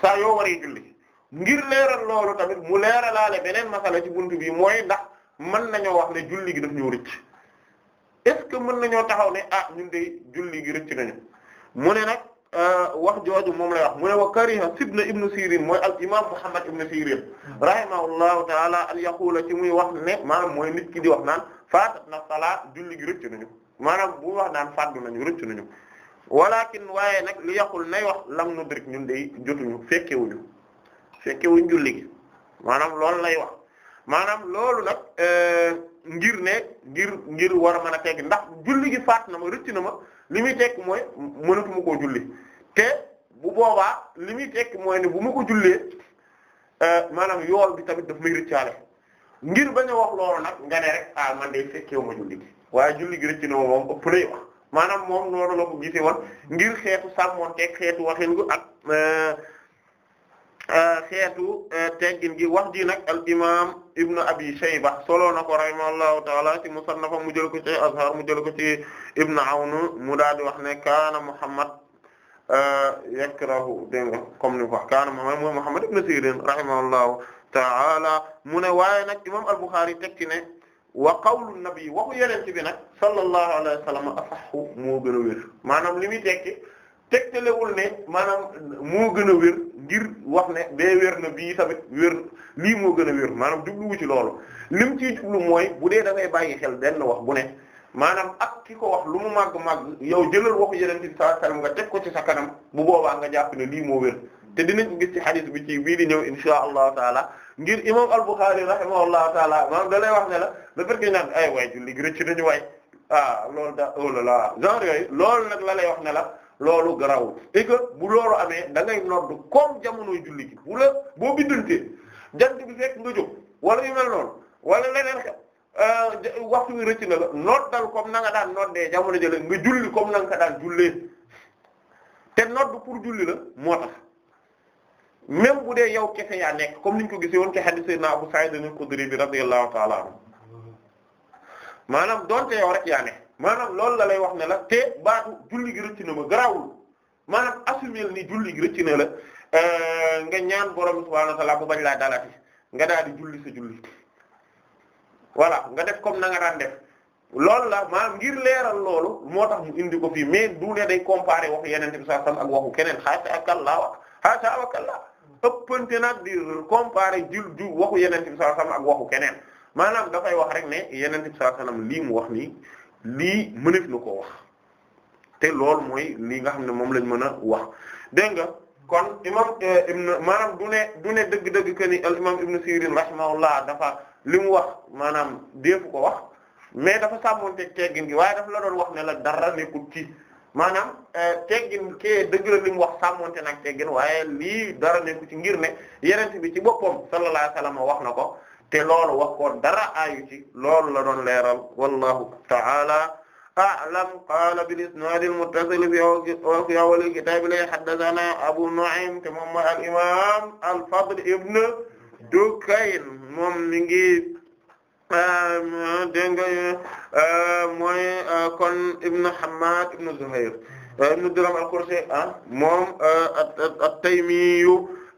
saa yoo waree julli ngir leeral loolu tamit mu leeralaale beneen masala ci bunt bi mooy ndax mën nañoo wax ne julli gi daf ñoo rëcc mën nañoo taxaw ne ah ñun de julli gi rëcc nañu mu ne nag euh, wax jooju moom lay wax mu ne wa kariha sibna ibnu sirin mooy al imam muhammad ibnu sirin rahimahullahu taala an yaqula ci muy wax ne maanaam mooy nit ki di wax naan faatat na salaat julli gi rëcc nañu maanaam bu wax naan fàddu nañu rëcc nañu walakin waaye nag li yaqul nay wax lam nudrik ñun day jotuñu fekkewuñu fekkewuñu julli gi maanaam loolu lay wax maanaam loolu nag euh, ngir ne ngir ngir war a mën a tegg ndax julli gi faat na ma rëcc na ma li muy tekk mooy mënatuma koo julli te bu boobaa li muy tekk mooy ne bu ma ko jullee euh, maanaam yool bi tamit daf may rëccaale ngir bañ a wax loolu nag nga ne rek ah man de fekkeewu julli gi waaye julli gi rëcc na ma moom ëpp wax maanaam moom noonu la ko gisee woon ngir xeetu sàmmoon teg xeetu waxin gu euh, Euh, xeetu euh, teggin gi wax ji nag al imam ibn abi shayba solo na ko rahimahullahu taala ci musannaf mu jël ko ci azhar mu jël ko ci ibn awn mu daal di wax ne kaana muhammad euh, yakrahu dégg nga comme ni mu wax kaana muhammad mooy muhammad ibn sirin rahimahullahu taala mu ne waaye nag imam al bukhari teg ci ne wa qawlu nabi waxu yeneen ci bi nag sallallahu alayhi wa sallam asaxu moo gën a wér maanaam li muy tekki tegtalewul ne maanaam moo gën a wér ngir wax ne bee wér na bii tamit wér lii moo gën a wér maanaam jubluwu ci loolu lim ciy jublu mooy bu dee da ngay bàyyi xel benn wax bu ne maanaam ak ki ko wax lu mu màgg màgg yow jëlal waxu yeneen ci sa kanam nga teg ko ci sa kanam bu boobaa nga jàpp ne lii moo wér te dinañ gis ci hadith bi ci bii di ñëw insha allahu taala ngir imam al-Bukhari rahimahullahu taala maanaam da lay wax ne la le fait que naan ay waay julli gi rëcc nañu waay ah loolu da oh là là yooyu loolu nag la wax ne la. loolu garawul et bu loolu amee da ngay noddu comme jamonoy julli bu la boo biddantee jant bi fekk nga jóg wala yu mel noonu wala leneen xew euh, waxtu wi rëcc na la noddal comme na nga daan noddee jamono jële nga julli comme na nga daan jullee te nodd pour julli la moo tax même bu dee yow kese yaa nekk comme niñ ko gisee woon ci hadith Sayyidina Abu Sa'id al-Khudri bi radiyallahu ta'ala anhu maanaam donte yow rek yaa nekk maanaam loolu la lay wax ne la te baatu julli gi rëcc na ma garaawul maanaam assumer ni julli gi rëcc na la euh, nga ñaan borom subhaanahu wa ta'aala bu bañ laa dalati nga daal di julli sa julli voilà nga def comme na daan def loolu la maanaam ngir leeral loolu moo tax mu indi ko fii mais du ne day comparer waxu yeneen bi sallallahu alayhi wasallam ak waxu keneen xaasa ak Allah wa xaasa ak di comparer yeneen bi sallallahu alayhi wasallam ak keneen maanaam dafay wax rek ne yeneen bi sallallahu alayhi wasallam lii mu wax nii. lii mëneef na ko wax te lool mooy lii nga xam ne moom lañ mën a wax dégg nga kon imam eh, ibn maanaam du ne du ne dëgg-dëgg que ni al imam ibn Sirin laa dafa li mu wax maanaam deefu ko wax mais dafa sàmmonte teggin gi waaye daf la doon wax ne la dara nekkul ci maanaam eh, teggin kee dëgg la li mu wax sàmmonte nag teggin waaye lii dara nekkul ci ngir ne yenen bi ci boppam sallallahu alayhi wasallam wax na ko te loolu wax ko dara ayu ci loolu la doon leeral wallahu ta'ala a'lam qala bil isnad al muttasil fi awwal al kitab la haddathana abu nu'aym te moom mooy al imam al fadl ibn dukayn moom mi ngi ehm, dégg nga ehm, mooy eh, kon ibn hammad ibn zuhair eh, ibn dirham al qurshi ah, moom eh, at-taymi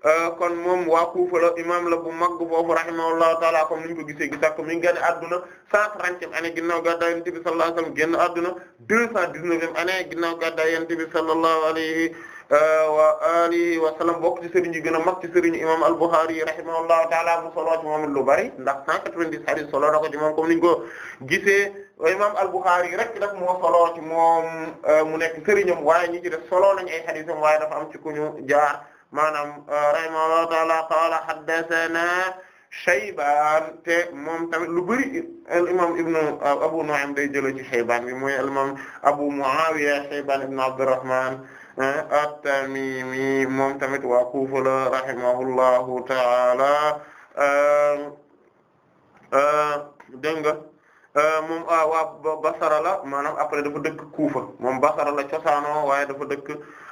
Euh, kon moom waa Kufa la imam la bu mag foofu rahimahullahu taala comme niñ ko gisee gisaat ko mi ngi génn adduna cent trentième année ginnaaw gàddaay yonent bi sallallahu alayhi wa sallam génn adduna deux cent dix-neuvième année ginnaaw gàddaay yonent bi sallallahu alayhi euh, wa alihi wa sallam bokk ci sëriñ yi gën a mag ci al-Bukhari yi rahimahullahu taala mu solo moom lu bari ndax cent quatre-vingt-dix ko ci moom comme niñ ko gisee imam al-Bukhari yi rek moo solo euh, mu nekk sëriñam waaye ñi ci def nañ ay haditham waaye maanaam euh, rahimahullahu ta'ala qaala haddathana Shaybaan te moom tamit lu bari al imaam ibnu euh, Abu Nu'aym day jëlee ci Shaybaan bi mooy al imaam Abu Mu'aawiya Shaybaan ibnu Abdurrahmaan euh, at-Tamiimi moom tamit waa Kuufa la rahimahullahu ta'ala dégg nga moom waa Basra la maanaam après dafa dëkk Kuufa moom Basra la cosaanoo waaye dafa dëkk.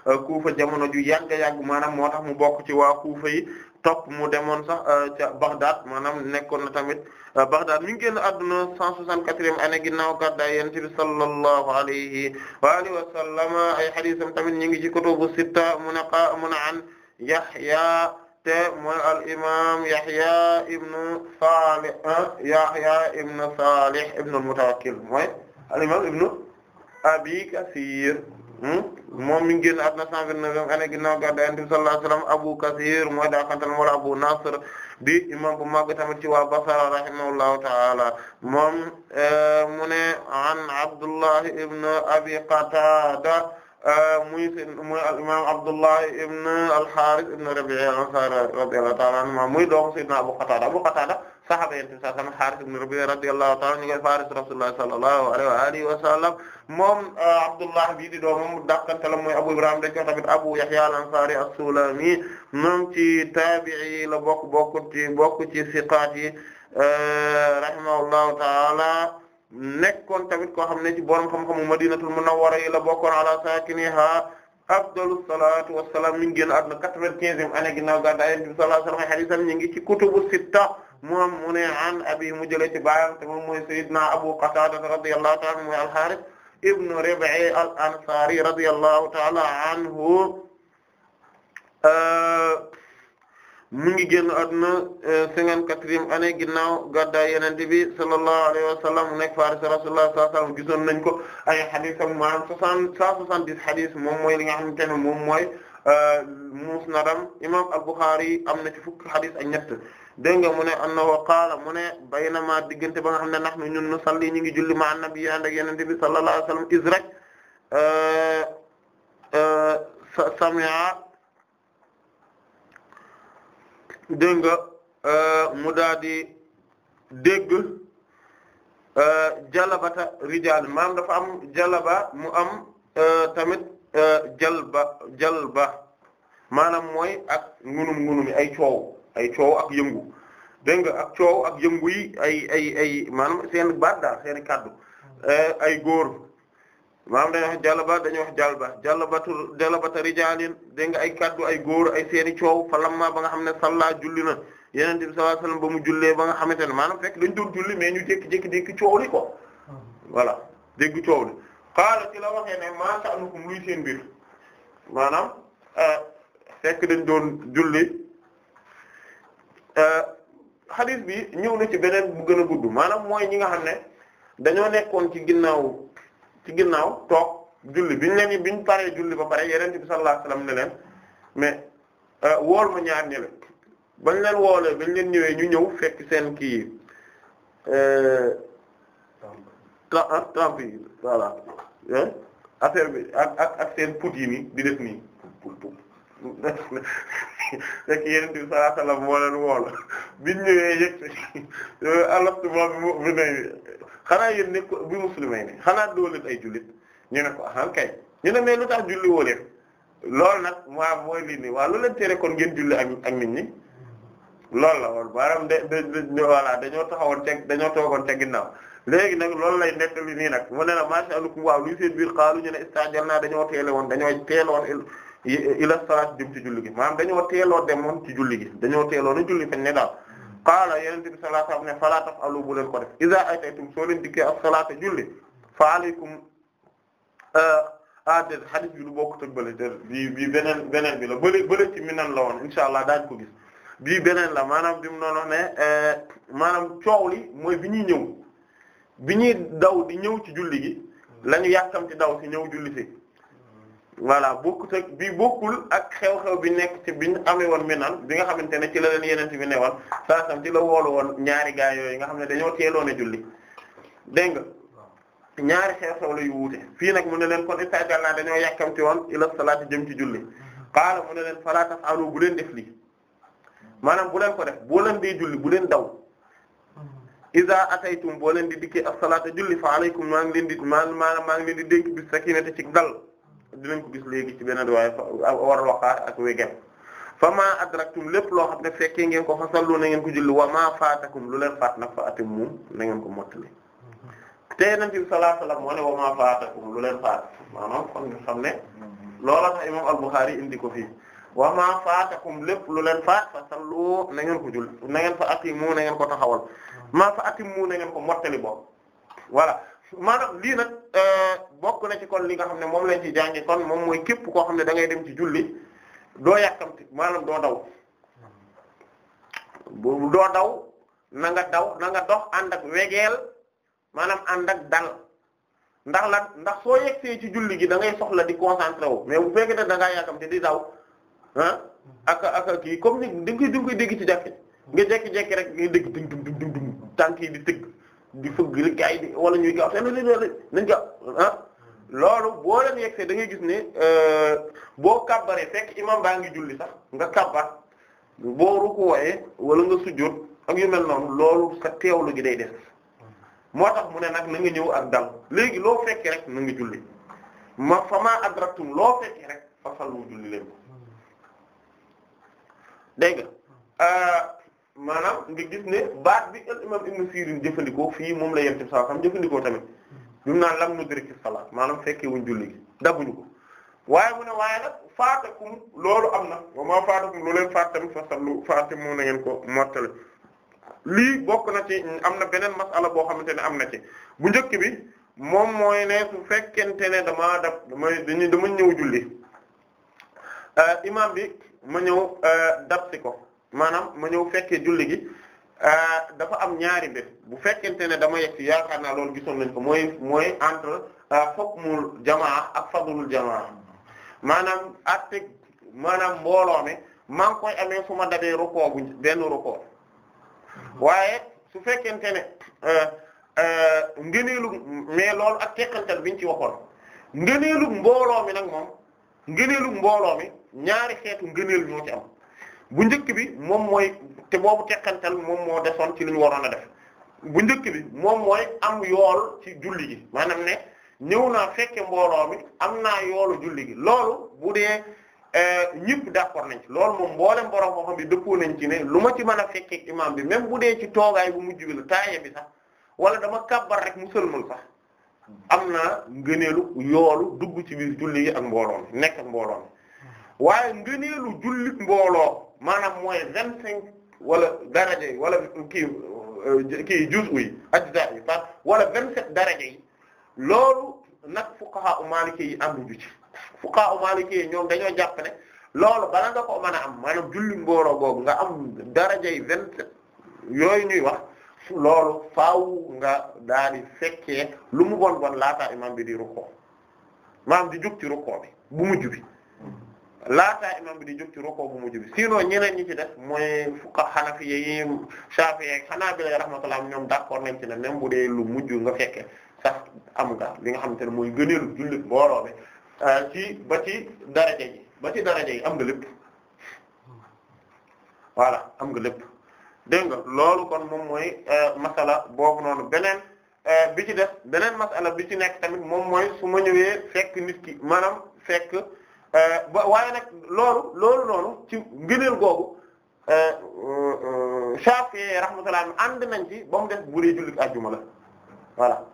Euh, Kufa jamono ju yàgg yàgg maanaam moo tax mu bokk ci waa Kufa yi mu demoon sax euh, ca Baghdad maanaam nekkoon na tamit euh, Baghdad mi ngi génn àdduna 164e année ginnaaw gàddaay Yonent bi sallallahu alayhi wa alihi wa sallam ay hadiisam tamit ñu ngi ci kutubu sitta mu ne qa mu na an Yahya te mooy al Yahya ibn Salih ah, Yahya ibn Salih ibn mutawakkil mooy al ibn Abi Kathir Hmm? moom mi ngi génn àdduna 129 année ginnaaw gàddaay Yonent bi sallallahu alayhi wasallam Abu Kasir mooy daakantan wala Abu Nasr di imam bu mag tamit ci waa Basra rahimahullahu ta'ala moom eh, mu ne an Abdullah ibn Abi Qatada eh, muy muy al imam Abdullah ibn al Harith ibn Rabi'a al-Ansari radiyallahu ta'ala muy doomu Sayyidina Abu Qatada Abu Qatada sahaaba yente sa sama Haaris ibn Rabi' radiyallahu ta'ala ñu koy faris Rasulullah sallallahu alayhi wa alihi wa sallam moom euh, Abdullah bii di doomam dàqante la mooy Abu Ibrahim dañ ko tamit Abu Yahya al-Ansari as-Sulami moom ci taabi'i la bokk bokk ci bokk ci siqaat yi euh, rahimahullahu ta'ala nekkoon tamit koo xam ne ci borom xam-xamu Madinatul Munawwara yi la bokkoon ala saakiniha afdalu salaatu wassalaam mi ngi génn àdduna quatre-vingt-quinzième année ginnaaw gàddaay Yonent bi sallallahu alayhi wa sallam hadiisam ñu ngi ci kutubu sitta moom mu ne an mu jëlee ci moom mooy sayyidna abu qatada radiyallahu ta'ala mooy al-harith ibnu rib'i al-ansari radiyallahu ta'ala anhu euh, mu ngi génn àdduna euh, cinquante-quatrième année ginnaaw gàddaay yenente bi sallallahu alayhi wa sallam mu nekk faris rasulullah sallallahu alayhi wa sallam gisoon nañ ko ay xadisam maanaam soixante cent mooy li nga xamante ne moom mooy euh, musnadam imam al-Bukhari am na ci fukki xadis ak dégg nga mu ne annahu qaala mu ne baynama diggante ba nga xam ne nahnu ñun nu salli ñu ngi julli ma annabi ànd ak yenente bi sallallahu alayhi wasallam is rek euh, euh, sami'a dégg nga euh, mu daal di dégg jalabata rijal maam dafa am jalaba mu am tamit jalba jalba maanaam mooy ak ngunum ngunumi ay coow ay coow ak yëngu dégg nga ak coow ak yëngu yi ay ay ay maanaam seen baat daal seen kaddu eh, ay góor maanaam dañuy wax jàllaba dañuy wax jàllba jàllabatu jàllabata rijaalin dégg nga ay kaddu ay góor ay seeni coow fa ba nga xam ne salla julli na yeneen bi sallallahu alayhi ba mu jullee ba nga xamante ne maanaam fekk dañ doon julli mais ñu jékki-jékki dégg coow li ko voilà dégg coow li xaala ci waxee ne maa sha'nukum luy seen mbir maanaam eh, fekk dañ doon julli xadis euh, bi ñëw na ci beneen bu gën a gudd maanaam mooy ñi nga xam ne dañoo nekkoon ci ginnaaw ci ginnaaw toog julli biñ leen bi ñu paree julli ba pare yeneen bi sallallahu alayhi wasallam ne leen mais euh, wool ma ñaar ñële bañ leen woolee bañ leen ñëwee ñu ñëw fekk seen kii euh, ah, trempe yi voilà affaire bi ak ak ak seen put yi nii di def nii fekk yonent bi sallallahu alayhi moo leen wool bi ñëwee yëg alaftuma bi mu'minay xanaa yéen nekk bi muslimay ne xanaa doo ay jullit ñu ne ko ahan kay ñu ne mais lu tax julli woo leen loolu nag maa mooy lii nii waa lu leen tere kon ngeen julli ak ak nit ñi loolu la woon maanaam de de voilà dañoo taxawoon teg dañoo toogoon teg ginnaaw léegi nag loolu lay nekk nii nag mu ne la macha allah waaw luy seen biir xaalu ñu ne naa dañoo teele woon dañoo teeloon ila salaat jëm ci julli gi maanaam dañoo teeloo demoon ci julli gi dañoo teeloo na julli fañ ne daal qaala yenente bi sallallahu alayhi wa sallam ne falaa taf'alu leen ko def iza aytaytum soo leen dikkee as-salaata julli fa alaykum euh, adéd hadith bi lu bokk tëg bële dé bi bii beneen beneen bi la bële bële ci minan la insha allah daañ ko gis bii beneen la maanaam dimu noonu ne euh, maanaam coow li mooy bi ñuy ñëw bi ñuy daw di ñëw ci julli gi la ñu yàkkamti daw ci ñëw julli si voilà bokkut ak bi bokkul ak xew-xew bi nekk ci biñ amee woon mi naan bi nga xamante ne ci la leen yeneen bi ne woon saa sam ci la woolu woon ñaari gaa yooyu nga xam ne dañoo teeloon a julli dégg nga ñaari xew-xew la yu wuute fii nag mu ne leen kon istagal naa dañoo yàkkamti woon ila salaati jëm ci julli qaala mu ne leen bu leen def li maanaam bu leen ko def boo leen dee julli bu leen daw iza ataytum boo leen di dikkee as-salaata julli fa alaykum maa ngi leen di maa maanaam maa ngi leen di dénk bi sakinata ci dal dinañ ko gis léegi ci beneen waaye war waqaar ak wegem fa ma adraktum lépp loo xam ne fekkee ngeen ko fa sallu na ngeen ko julli wa ma faatakum lu leen faat nag fa na ngeen ko mottali te yenente bi sallallahu alayhi ma faatakum lu leen faat maanaam kon nga xam ne loola tax imam al-Bukhari indi ko fii wa ma faatakum lépp lu leen faat fa sallu na ngeen ko julli na ngeen fa atim mu na ngeen ko taxawal ma fa atim mu na ngeen ko mottali boobu voilà maanaam lii nag euh, bokk na ci kon li nga xam ne moom lañ ci jànge kon moom mooy képp koo xam ne dangay dem ci julli doo yàkkamti maanaam doo daw doo daw na nga daw na nga dox ànd ak wegeel maanaam ànd ak dal ndax lan ndax soo yegsee ci julli gi da ngay soxla di concentré wu mais bu fekkee ne da ngaa di daw ah ak ak kii comme ni di nga koy di nga ci jàkk ngi jekki-jekki rek nga dégg dum yi di tëgg di fëgg rek gars di wala ñuy gaaw seen lii nañ gaaw ah. loolu boo leen yegsee da ngay gis ne euh, boo kàbbaree fekk imam baa ngi julli sax nga kàbbar boo rukuwee wala nga sujjóot ak yu mel noonu loolu sa teewlu gi day def moo tax mu ne nag na ñëw ak dal léegi loo fekkee rek na nga julli ma fama adraktum loo fekkee rek fa sallu julli leen ko nga euh, maanaam nga gis ne baat bi al imam ibn Sirin jëfandikoo fii moom la yonent bi sallallahu alayhi jëfandikoo tamit bi naa naan lam nudriki salaat maanaam fekkee wuñ julli gi dabuñu ko waaye mu ne waaye nag faatakum loolu am na wa maa faatakum lu faat tamit fa sallu moo na ngeen ko mottale lii bokk na ci am na beneen masala boo xamante ne am na ci bu njëkk bi moom mooy ne su fekkente ne dama dab damay dama ñëw julli euh, imam bi ma ñëw euh, dab si ko maanaam ma ñëw fekkee julli gi euh, dafa am ñaari mbir bu fekkente ne dama yegg si yaakaar naa loolu gisoon nañ ko mooy mooy entre euh, hukmul jamaa ak fadlul jamaa maanaam atte maanaam mbooloo mi maa ngi koy amee fu ma dabee rukoo bu benn rukoo waaye su fekkente ne euh, ngëneelu mais lool ak tekkantal biñ ci waxoon ngëneelu mbooloo mi nag moom ngëneelu mbooloo mi ñaari xeetu ngëneel ñoo ci am bu njëkk bi moom mooy te boobu tekkantal moom moo desoon ci li ñu waroon a def bu njëkk bi moom mooy am yool ci julli gi maanaam ne ñëw naa fekke mbooloo mi am naa yoolu julli gi loolu bu dee euh, ñëpp d'accord nañ ci loolu mboolem borom moo bi dëppoo nañ ci ne lu ma ci mën a fekkee imam bi même bu dee ci toogaay bu mujj bi la taaye bi sax wala dama kàbbar rek musalmal sax am naa ngëneelu yoolu dugg ci biir julli gi ak mbooloo nekk ak mbooloo waaye ngëneelu jullit mbooloo maanaam mooy vingt wala daraja yi wala kii euh, kii juz'u yi wala vingt sept daraja yi loolu nag fuqaha u maliki yi ànduñu ci fuqaha u maliki yi ñoom dañoo jàpp ne loolu bala nga ko mën a am maanaam julli mbooloo googu nga am daraja yi vingt sept yooyu ñuy wax loolu faaw nga daal di lu mu bon bon laataa imam bi di rukkoo maanaam di jug ci rukkoo bi bu mujj bi laataa imam bi di jóg ci roko bu mujj bi sinon ñeneen ñi ci def mooy fuqa xanafi yi shafi yi xanaabila rahmatullah ñoom d'accord nañ ci ne même bu dee lu mujj nga fekke sax am nga li nga xamante ne mooy gëneelu jullit mbooloo bi euh, ci ba ci daraja yi ba ci am nga lépp voilà nga lépp dégg nga loolu kon moom mooy euh, masala boobu noonu beneen euh, bi ci def beneen masala bi ci nekk tamit moom mooy su ma ñëwee fekk nit ki maanaam fekk ba euh, waaye nag loolu loolu loolu ci ngëneel googu euh, euh, Shafi'i rahmatullah ànd nañ ci ba mu def bu dee jullit àjjuma la voilà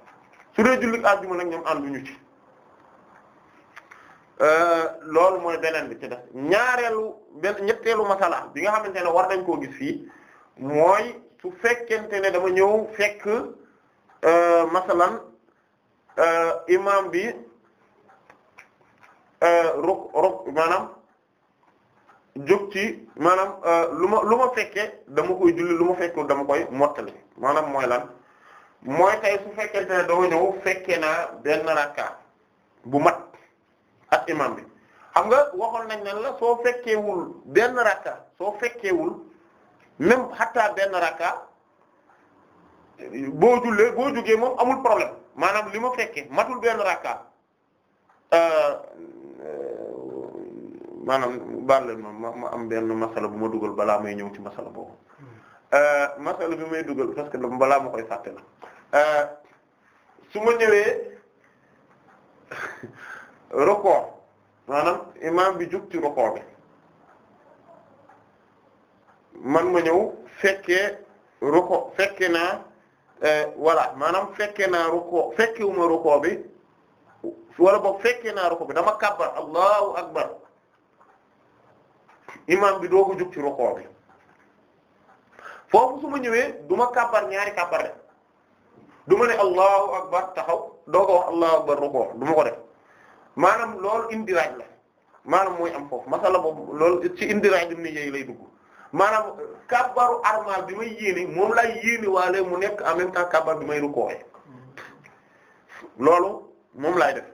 su dee jullit àjjuma nag ñoom ànduñu ci loolu mooy beneen bi ci def ñaareelu benn ñetteelu masala bi nga xamante ne war nañ koo gis fii mooy su fekkente ne dama ñëw fekk masalan imam bi Euh, rok rok maanaam jóg ci maanaam euh, lu ma lu ma fekkee dama koy julli lu ma fekkul dama koy mottali maanaam mooy lan mooy tey su fekkente ne dama ñëw fekkee naa benn rakka bu mat at imam bi xam nga waxoon nañ ne la soo fekkeewul benn rakka soo fekkeewul même xataa benn rakka boo jullee boo jugee moom amul problème maanaam li ma fekkee matul benn rakka euh, maanaam baal leen ma ma am benn masala bu ma dugal balaa may ñëw ci masala boobu hmm. euh, masala bi may dugal parce que balaa ma koy fàtte la euh, su ma ñëwee roko maanaam imam bi jug ci roko bi man ma ñëw fekkee roko fekkee naa wala euh, maanaam fekkee naa roko fekkewuma roko bi wala boog fekkee naa roko bi dama kabbar allahu akbar imaam bi doo ko jóg ci rukoo bi foofu su ma ñëwee duma ma kàbbar ñaari kàbbar rek du ma ne allahu akbar taxaw doo ko wax allahu akbar rukoo du ma ko def maanaam loolu indiraaj la maanaam mooy am foofu masala boobu loolu ci indiraaj bi ni yéy lay dugg maanaam kàbbaru armal bi may yéene moom lay yéene waale mu nekk en même kàbbar bi may rukoo loolu moom laay def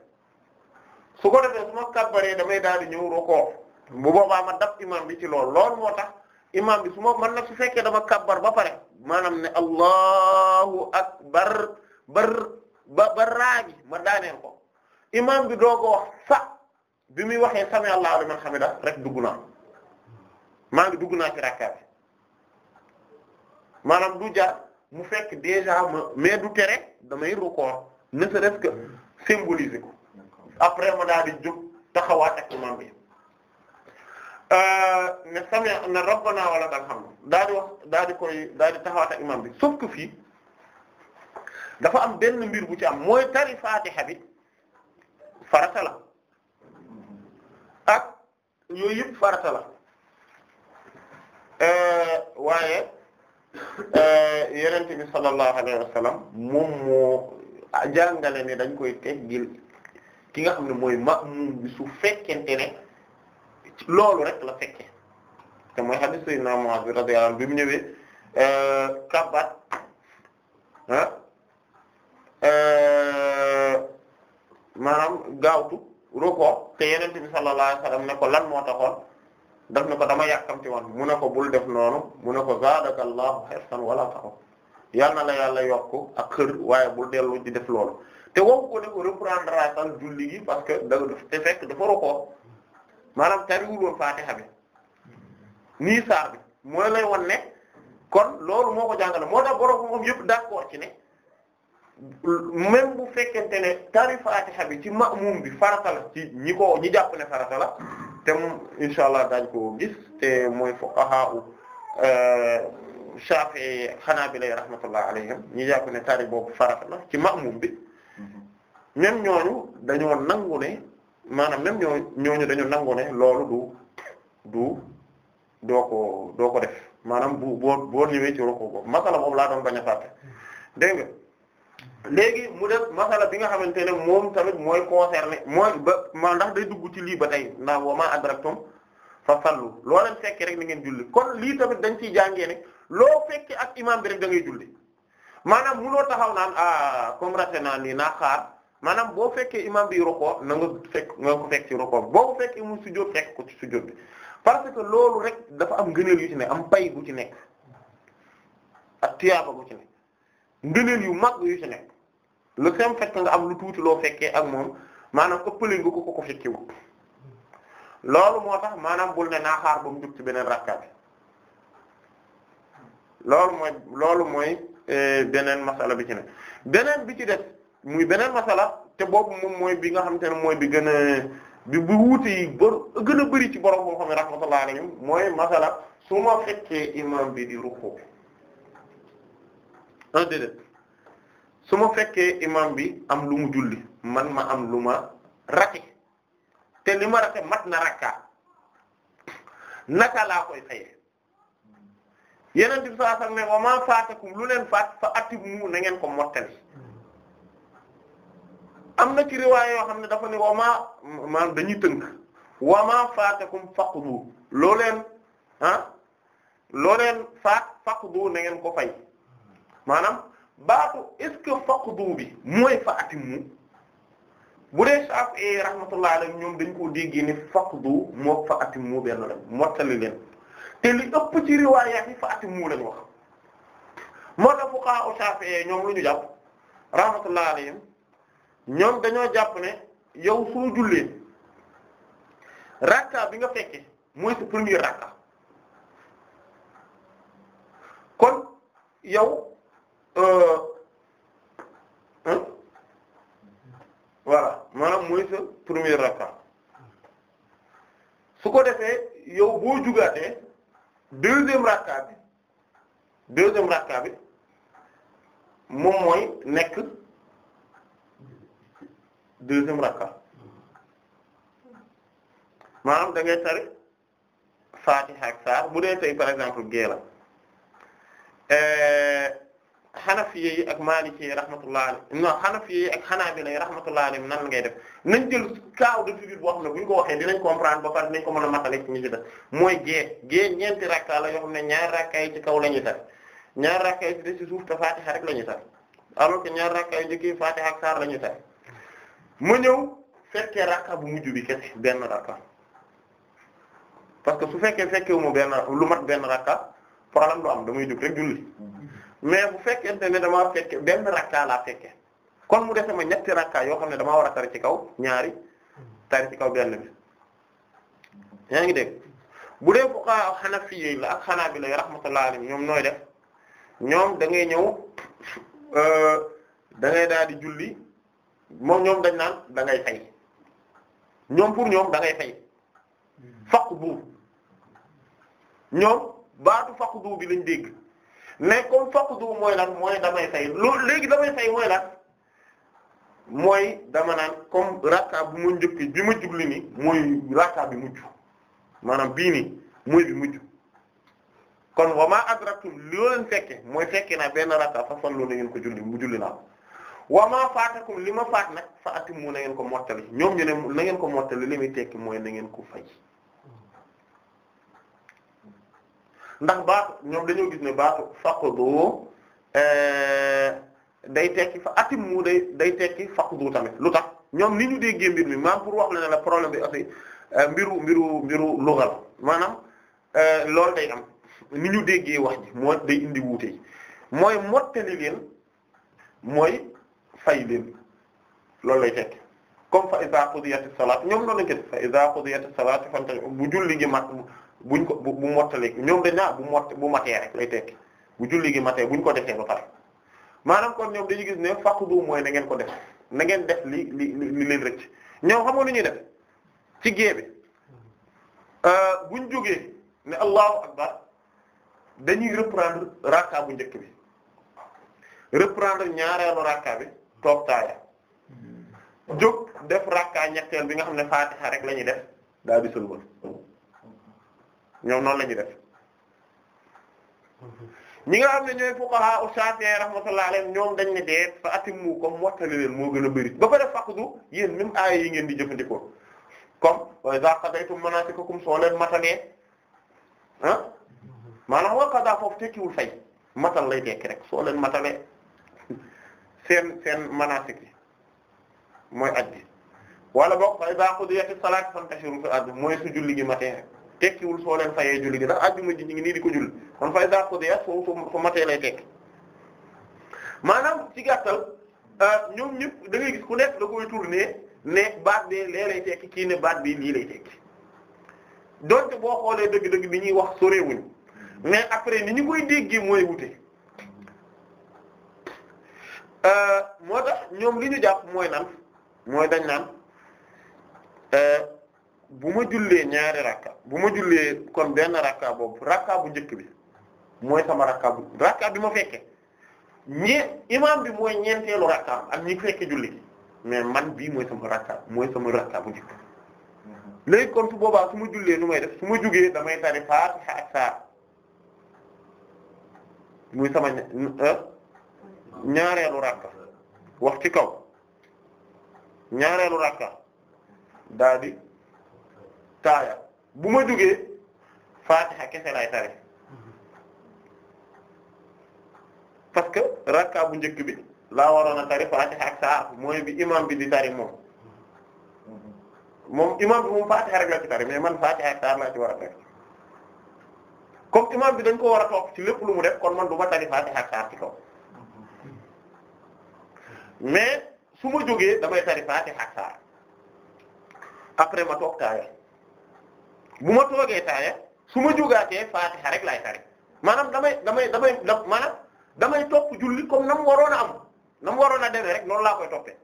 su ko defee su ma kàbbaree damay daal di ñëw rukoo bu boobaa ma dab imam bi ci lool loolu moo tax imam bi su ma man nag su fekkee dama kabbar ba pare maanaam ne allahu akbar bar ba ba raagi ma daaneel ko imam bi doo ko wax sa bi muy waxee sami allahu liman hamida rek dugg naa maa ngi dugg naa ci rakka bi maanaam du jar mu fekk déjà ma mais du tere damay record ne serait-ce que symboliser ko après ma daal di jóg taxawaat ak imam bi ne sami'a na rabbana wa lakal hamd daal di koy daal di imam bi sauf que fii am benn mbir bu ci am mooy tari Fatiha bi farata la ak yooyu yëpp la waaye yenente bi sallallahu alayhi wa sallam moom moo ne dañ koy teggil ki nga xam ne mooy ma'mum bi su fekkente ne loolu rek la fekke te mooy hadith sayyidina Mu'adh bi radiyallahu anhu bi mu ñëwee euh, kabbat ah euh, maanaam gaawtu rukoo te yenente bi sallallahu alayhi wasallam ne ko lan moo taxoon daf ne ko dama yàkkamti woon mu ne ko bul def noonu mu ne ko zaadaka allahu hirsan wala taxaw yal na la yàlla yokk ak xër waaye bul dellu di def loolu te waxu ko ne ko reprendre tan julli gi parce que te fekk dafa rukoo maanaam tariwul woon Fatiha bi nii saar bi mooy lay won kon loolu moo ko jàngale moo tax borom moom yëpp d'accord ci ne même bu fekkente ne tari Fatiha bi ci ma'mum bi farata ci ñi ko ñi jàpp ne farata la te moom insha Allah daañ ko gis te mooy fuqaha euh, Shafi'i Hanabila rahmatullah alayhim ñi jàpp ne tari boobu farata ci ma'mum bi mm-hmm. même ñooñu dañoo nangu ne maanaam même ñoo ñooñu dañu nangu loolu du du doo ko doo ko def maanaam bu boo boo ñëwee ci roko boobu masala boobu laa doon bañ a fàtte dégg nga léegi mu def masala bi nga xamante ne moom tamit mooy concerné mooy ba ma ndax day dugg ci lii ba tey ndax wa ma adraktum fa sallu loo leen rek na ngeen julli kon lii tamit dañ ciy jàngee ne loo fekkee ak imam bi rek da ngay julli maanaam munoo taxaw naan a ah, comme rate naa nii naa xaar maanaam boo fekkee imam bi rukoo na nga fekk nga ko fekk ci rukoo boo ko fekkee mu sujjóot fekk ko ci sujjóot bi parce que loolu rek dafa am ngëneel yu ci ne am pay gu ci nekk ak tiyaaba gu ci yu mag yu ci nekk le nga am lu loo fekkee ak moom maanaam ëppale nga ko ko ko fekki loolu moo tax maanaam bul ne naa xaar ba mu ci beneen rakka bi loolu mooy loolu mooy eh, beneen masala bi ci ne beneen bi ci def muy beneen masala te boobu moom mooy bi nga xamante ne mooy bi gën a bi bu wuute yi bër gën a bëri ci borom boo xam ne rahmatullahi alayhim mooy masala su ma fekkee imam bi di rukkoo ah, su ma fekkee imam bi am lu mu julli man ma am lu ma rate te li ma rate mat na rakka naka laa koy fayee yeneen bi sallallahu alayhi wasallam ne wa ma faatakum lu leen faat fa atimu na ngeen ko mottali am na ci riwaay yoo xam ne dafa ne wamaa maanaam dañuy tënk wamaa faatakum faqdu loo leen ah loo leen faat faqdu ko fay maanaam baatu est-ce que bi mooy faatimu bu dee Shafi'i rahmatullahi alayhi ñoom dañ koo déggee ni faqdu moo faatimu benn la mottali leen te li ëpp ci riwaayaat yi faatimu lañ wax moo tax fuqaha Shafi'i ñoom lu ñu jàpp rahmatullahi alayhim ñoom dañoo jàpp ne yow soo jullee rakka bi nga fekke mooy premier rakka kon yow euh, voilà maanaam mooy sa premier rakka su ko defee yow boo jugaatee deuxième rakka bi deuxième rakka bi moom mooy nekk deuxième rakka maanaam da ngay tari Fatiha ak saar bu dee tey par exemple geela eh, Hanafi yi ak Maliki yi rahmatullah alayhim non Hanafi yi xanaa Hanabila yi rahmatullah alayhim nan ngay def nañ jël cas de figure boo xam ne bu ñu ko waxee dinañ comprendre ba pare dinañ ko mën a matale ci ñi ci def mooy gée gée ñeenti rakka la yoo xam ne ñaari rakka yi ci kaw la ñuy tar ñaari rakka yi ci suuf te Fatiha rek la ñuy tar alors que ñaari rakka yi jëkk Fatiha ak saar la ñuy tar mu ñëw fekkee rakka bu mujj bi kese benn rakka parce que su fekkee fekkee mu benn lu mat benn rakka problème du am damay jóg rek julli mais bu fekkente ne damaa fekke benn rakka laa fekke kon mu dese ma ñetti rakka yoo xam ne damaa war a tari ci kaw ñaari tari ci kaw benn bi yaa ngi dégg bu dee fuqaha hanafiyyi la ak xanaa hanabila rahmatullahi alayhim ñoom nooy def ñoom dangay ñëw euh, da daal di julli moom ñoom dañ naan dangay ngay fay ñoom pour ñoom da ngay fay faq du ñoom baatu faq du bi lañ dégg mais comme faq du mooy lan mooy damay fay loolu léegi damay fay mooy lan mooy dama naan comme rakka bu ma njëkk bi ma jubli ni mooy rakka bi mujj maanaam bii nii mooy bi mujj kon wa ma adrakum loo leen fekke mooy fekke naa benn rakka fa sallu na ngeen ko julli mu julli naa wa maa faatakum li ma faat nag fa atimmu na ngeen ko mottali ñoom ñu ne na ngeen ko mottali li muy tekki mooy na ko fay ndax baatu ñoom dañoo gis ne baatu faqdu eh, day tekki fa atimmu day day tekki faqdu tamit lu tax ñoom ni ñu déggee mbir mi maam pour wax la ne la problème bi aussi eh, mbiru mbiru mbiru lugal maanaam eh, loolu day am ni ñu déggee wax ji moo day indi wuute mooy mottali leen mooy. fay leen loolu lay tekki comme fa iza qudiyati salaat ñoom noonu lañ ko def fa iza salaat fanta bu julli gi mat buñ ko bu mottalee ñoom dañ naa bu mott bu matee rek lay tekki bu julli gi matee buñ ko defee ba pare maanaam kon ñoom dañu gis ne faqdu mooy na ngeen ko def na ngeen def li li li leen rëcc ñoom xamoon lu ñuy def ci gée bi euh, buñ jógee ne allahu akbar dañuy reprendre rakka bu njëkk bi reprendre ñaareelu rakka bi toog taaya hmm. jóg def rakka ñetteel bi nga xam ne faatiha rek la ñuy def daal di ñoom noonu lañuy ñuy def ñi nga xam ne ñooy fuqaha u Shafi'i rahmatullahi alayhim ñoom dañ ne dee fa atimmu comme mottali leen moo gën a bëri ba pare faqdu yéen même aaya yi ngeen di jëfandikoo comme wa iza qadaytum manasikakum soo leen matalee ah hmm. maanaam wa qada foofu tekkiwul fay matal lay tekki rek soo leen matalee seen seen manasik yi mooy aj bi wala boog fa iza qudiyati salaat fantashiru fil ardi mooy su julli gi matee rek tekkiwul soo leen fayee julli gi ndax ajjuma ji ñu ngi nii di ko julli kon fa iza qudiyat foofu su matee lay tekki maanaam ci gàttal euh, ñoom ñëpp da gis ku nekk da koy tourner ne baat bi lee lay tekki kii ne baat bi lii lay tekki donte boo xoolee dëgg-dëgg bi ñuy wax sorewuñ mais après ni ñu koy déggee mooy wute Euh, moo tax ñoom li ñu jàpp mooy nan mooy dañ naan euh, bu ma jullee ñaari rakka bu ma jullee kon benn rakka boobu rakka bu njëkk bi mooy sama rakka bi ma fekke ñe imaam bi mooy ñeenteelu rakkaam ak ñi fekke julli mais man bii mooy sama rakka mooy sama rakka bu njëkk léegi kon su su ma jullee nu may def su ma jugee damay tari Faatiha ak saar muy sama euh, ñaareelu rakka wax ci kaw ñaareelu rakka daal di taaya bu ma jugee faatiha kese lay tare parce que rakka bu njëkk bi laa waroon a tari faatiha ak saar mooy bi imam bi di tari moom moom imam bi moom faatiha rek la ci tari mais man faatiha ak saar laa ci war a tari comme imam bi dañ ko war a ci lépp lu mu def kon man du ma tari faatiha ak saar ci kaw mais su ma jógee damay tari Faatiha ak saar après ma toog taaya bu ma toogee taaya su ma jógaatee Faatiha rek laay tari maanaam damay damay damay da maanaam damay topp julli comme na mu waroon a am na mu waroon a demee rek noonu laa koy toppee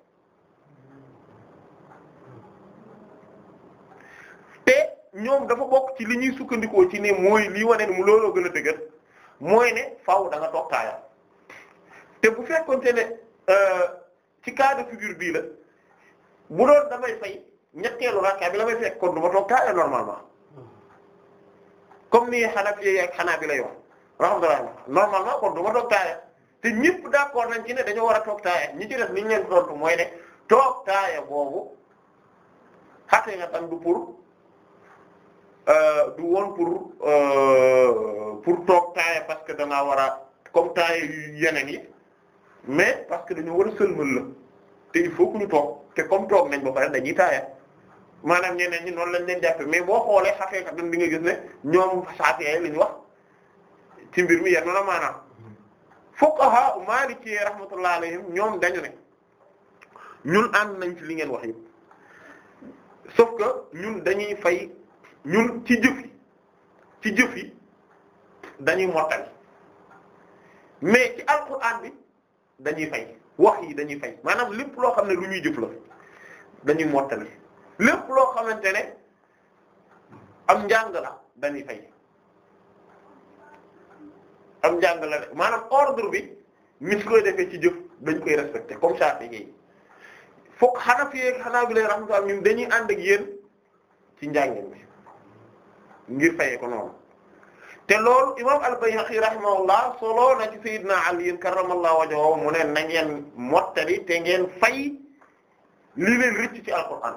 te ñoom dafa bokk ci li ñuy sukkandikoo ci ni mooy lii wane ni mu looloo gën a dëgër mooy ne faaw da nga toog taaya te bu fekkonte ne. Euh, ci cas de figure bii la bu doon damay fay ñetteelu rakka bi la may fekk kon du ma toog taa normalement comme ni Hanafi ak Hanabila lay wax rahmatullah normalement kon du ma taaya te ñëpp d'accord nañ ci ne dañoo war a toog taaya ñi ci def ni ñu leen tontu mooy ne toog taaya boobu xate nga tan du pour euh, du woon pour euh, pour toog taaya parce que da ngaa war a comme taaya yeneen yi mais parce que dañoo war a sëlmal la te il faut ñu toog te comme toog nañ ba pare dañuy taaya maanaam ñeneen ñi noonu lañ leen jàppe mais boo xoolee xafee kat dañ di nga gis ne ñoom saafiyay li ñu wax ci mbir mi yenn na maanaam fuqaha maliki rahmatullah alayhim ñoom dañu ne ñun ànd nañ ci li ngeen wax yëpp que ñun dañuy fay ñun ci jëf yi ci jëf yi dañuy mottali mais ci alquran bi dañuy fay wax yi dañuy fay maanaam lépp loo xam ne lu ñuy jëf la dañuy mottali lépp loo xamante ne am njàng la dañuy fay am njàng la de maanaam ordre bi mis koy defee ci jëf dañ koy respecté comme ça yi foog xanaa fi yeeg xanaa bi lay am ñun dañuy ànd ak yéen ci njàngin bi ngir fayee ko noonu te loolu imam al-Bayhaqi rahimahullah soloo na ci sayyidina Ali karramallahu wajhahu mu ne na ngeen mottali te ngeen fay li leen rëcc ci alquran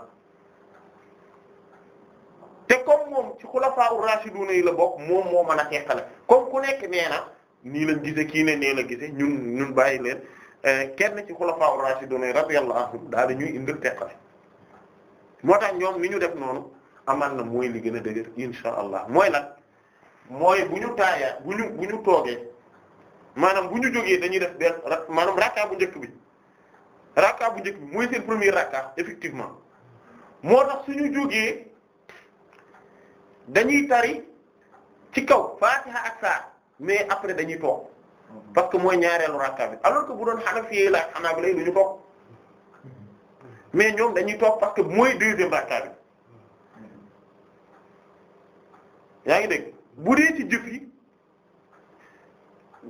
te comme moom ci xulafaa ur-rashidun yi la bokk moom moo mën a teqale comme ku nekk nee na nii la gise kii ne nee la gise ñun bàyyi leen eh, kenn ci xulafaa ur-rashidun yi radiyallahu anhum daal di ñuy indil teqale moo tax ñoom ni ñu def noonu amaan na mooy li gën a dëgër insha allah mooy nag mooy bu ñu taaya bu ñu bu ñu toogee maanaam bu ñu jógee dañuy def benn maanaam rakka bu njëkk bi rakka bu njëkk bi mooy seen premier rakka effectivement moo tax suñu jógee dañuy tari ci kaw Fatiha ak saar mais après dañuy toog parce que mooy ñaareelu rakka bi alors que bu doon Hanafi la Hanabila lay lu ñu toog mais ñoom dañuy toog parce que mooy deuxième rakka bi yaa ngi dégg bu dee ci jëf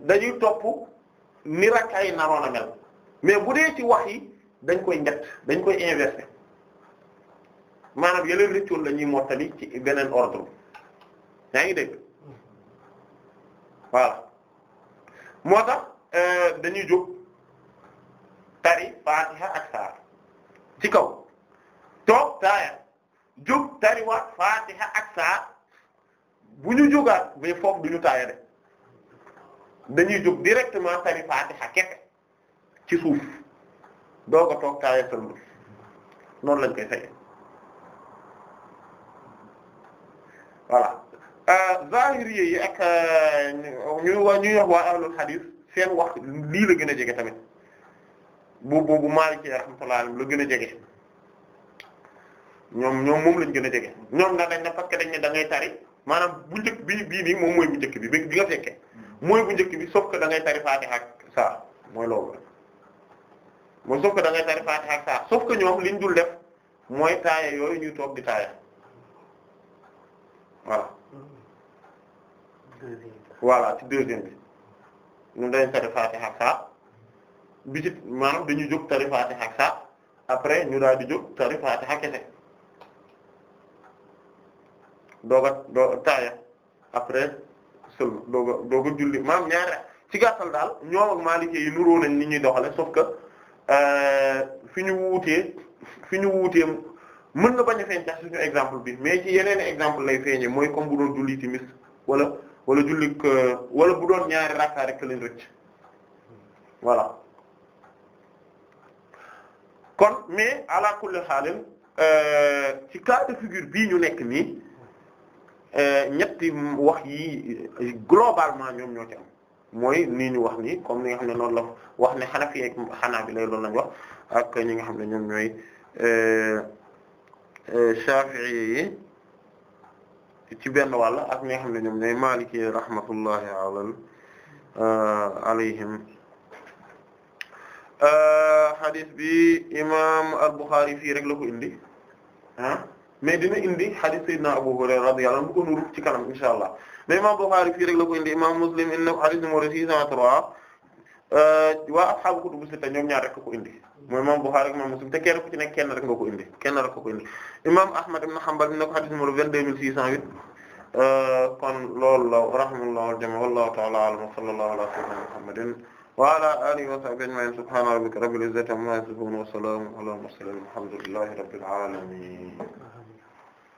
dañuy topp ni rakkaay naroon mel mais bu dee ci wax yi dañ koy njett dañ koy inversé maanaam yeneen rëccoon la ñuy mottali ci beneen ordre yaa ngi dégg voilà moo euh, dañuy jóg tari faatiha ak saar ci kaw toog taaya jóg tariwaat faatiha ak saar bu ñu jógaat mais foofu du ñu taayale dañuy jóg directement tari Fatiha kese ci suuf doog a toog taaya sëlmal noonu lañ koy fay voilà euh, zahiri yi ak euh, ñuy wax ñuy wax waa ahlul hadith seen wax lii la gën a jege tamit bu bu bu Maliki rahmatullah la gën a jege ñoom ñoom moom lañ gën a jege ñoom na dañ na parce que dañ ne da tari. maanaam bu njëkk bi bii nii moom mooy bu njëkk bi bi nga fekkee mooy bu njëkk bi sauf que da ngay tari Fatiha ak saar mooy loolu la mooy sauf que da ngay tari Fatiha ak saar sauf que liñ dul def mooy taaya yooyu ñuy toog di taaya voilà voilà ci deuxième bi ñun dañuy tari Fatiha ak bi ci maanaam dañuy jóg tari Fatiha ak après ñu daal di jóg tari Fatiha kese dooga doo taaya après sëlma dooga dooga julli maam ñaari ci gàttal daal ñoo ak Maliki yi nuroo nañ ni ñuy doxale sauf que euh, fi ñu wuutee fi ñu wuutee mën na bañ a feeñ sax suñu exemple bi mais ci yeneen exemple lay feeñee mooy comme bu doon julli timis wala wala julli euh, wala bu doon ñaari rakka rek lañ rëcc voilà kon mais ala kulli xaalin euh, ci cas figure bii ñu nekk nii Euh, ñetti wax yi globalement ñoom ñoo ci mooy nii ñu wax ni comme ni nga xam ne noonu wax ne xanaa bi lay loolu lañ wax ak ñi nga xam ne ñoom ñooy euh, euh, Shafi'i ci benn walla ak ñi nga xam ne ñoom ñooy Maliki rahmatullahi ala alayhim hadith bi imam al-Bukhari fii rek la ko indi ah. mais dina indi hadith sayyidina Abu Hurayra radiyallahu anhu bu ko nuru ci kanam insha allah mais imam Bukhari fii rek la ko indi imam Muslim indi na ko hadith numéro 603 euh, waa ashaabu kutubu sitta ñoom ñaar rek ko indi mooy imam Bukhari ak imam Muslim te kenn ku ci nekk kenn rek nga ko indi kenn rek ko indi imam Ahmad ibn Hanbal indi na ko hadith numéro 22608 euh, kon loolu la rahimahullahu al-jami' wallahu ta'ala a'lam wa sallallahu ala sayyidina Muhammadin wa ala alihi wa sahbihi ajma'in subhana rabbika rabbil izzati amma yasifun wa salamun ala al-mursalin walhamdulillahi rabbil alamin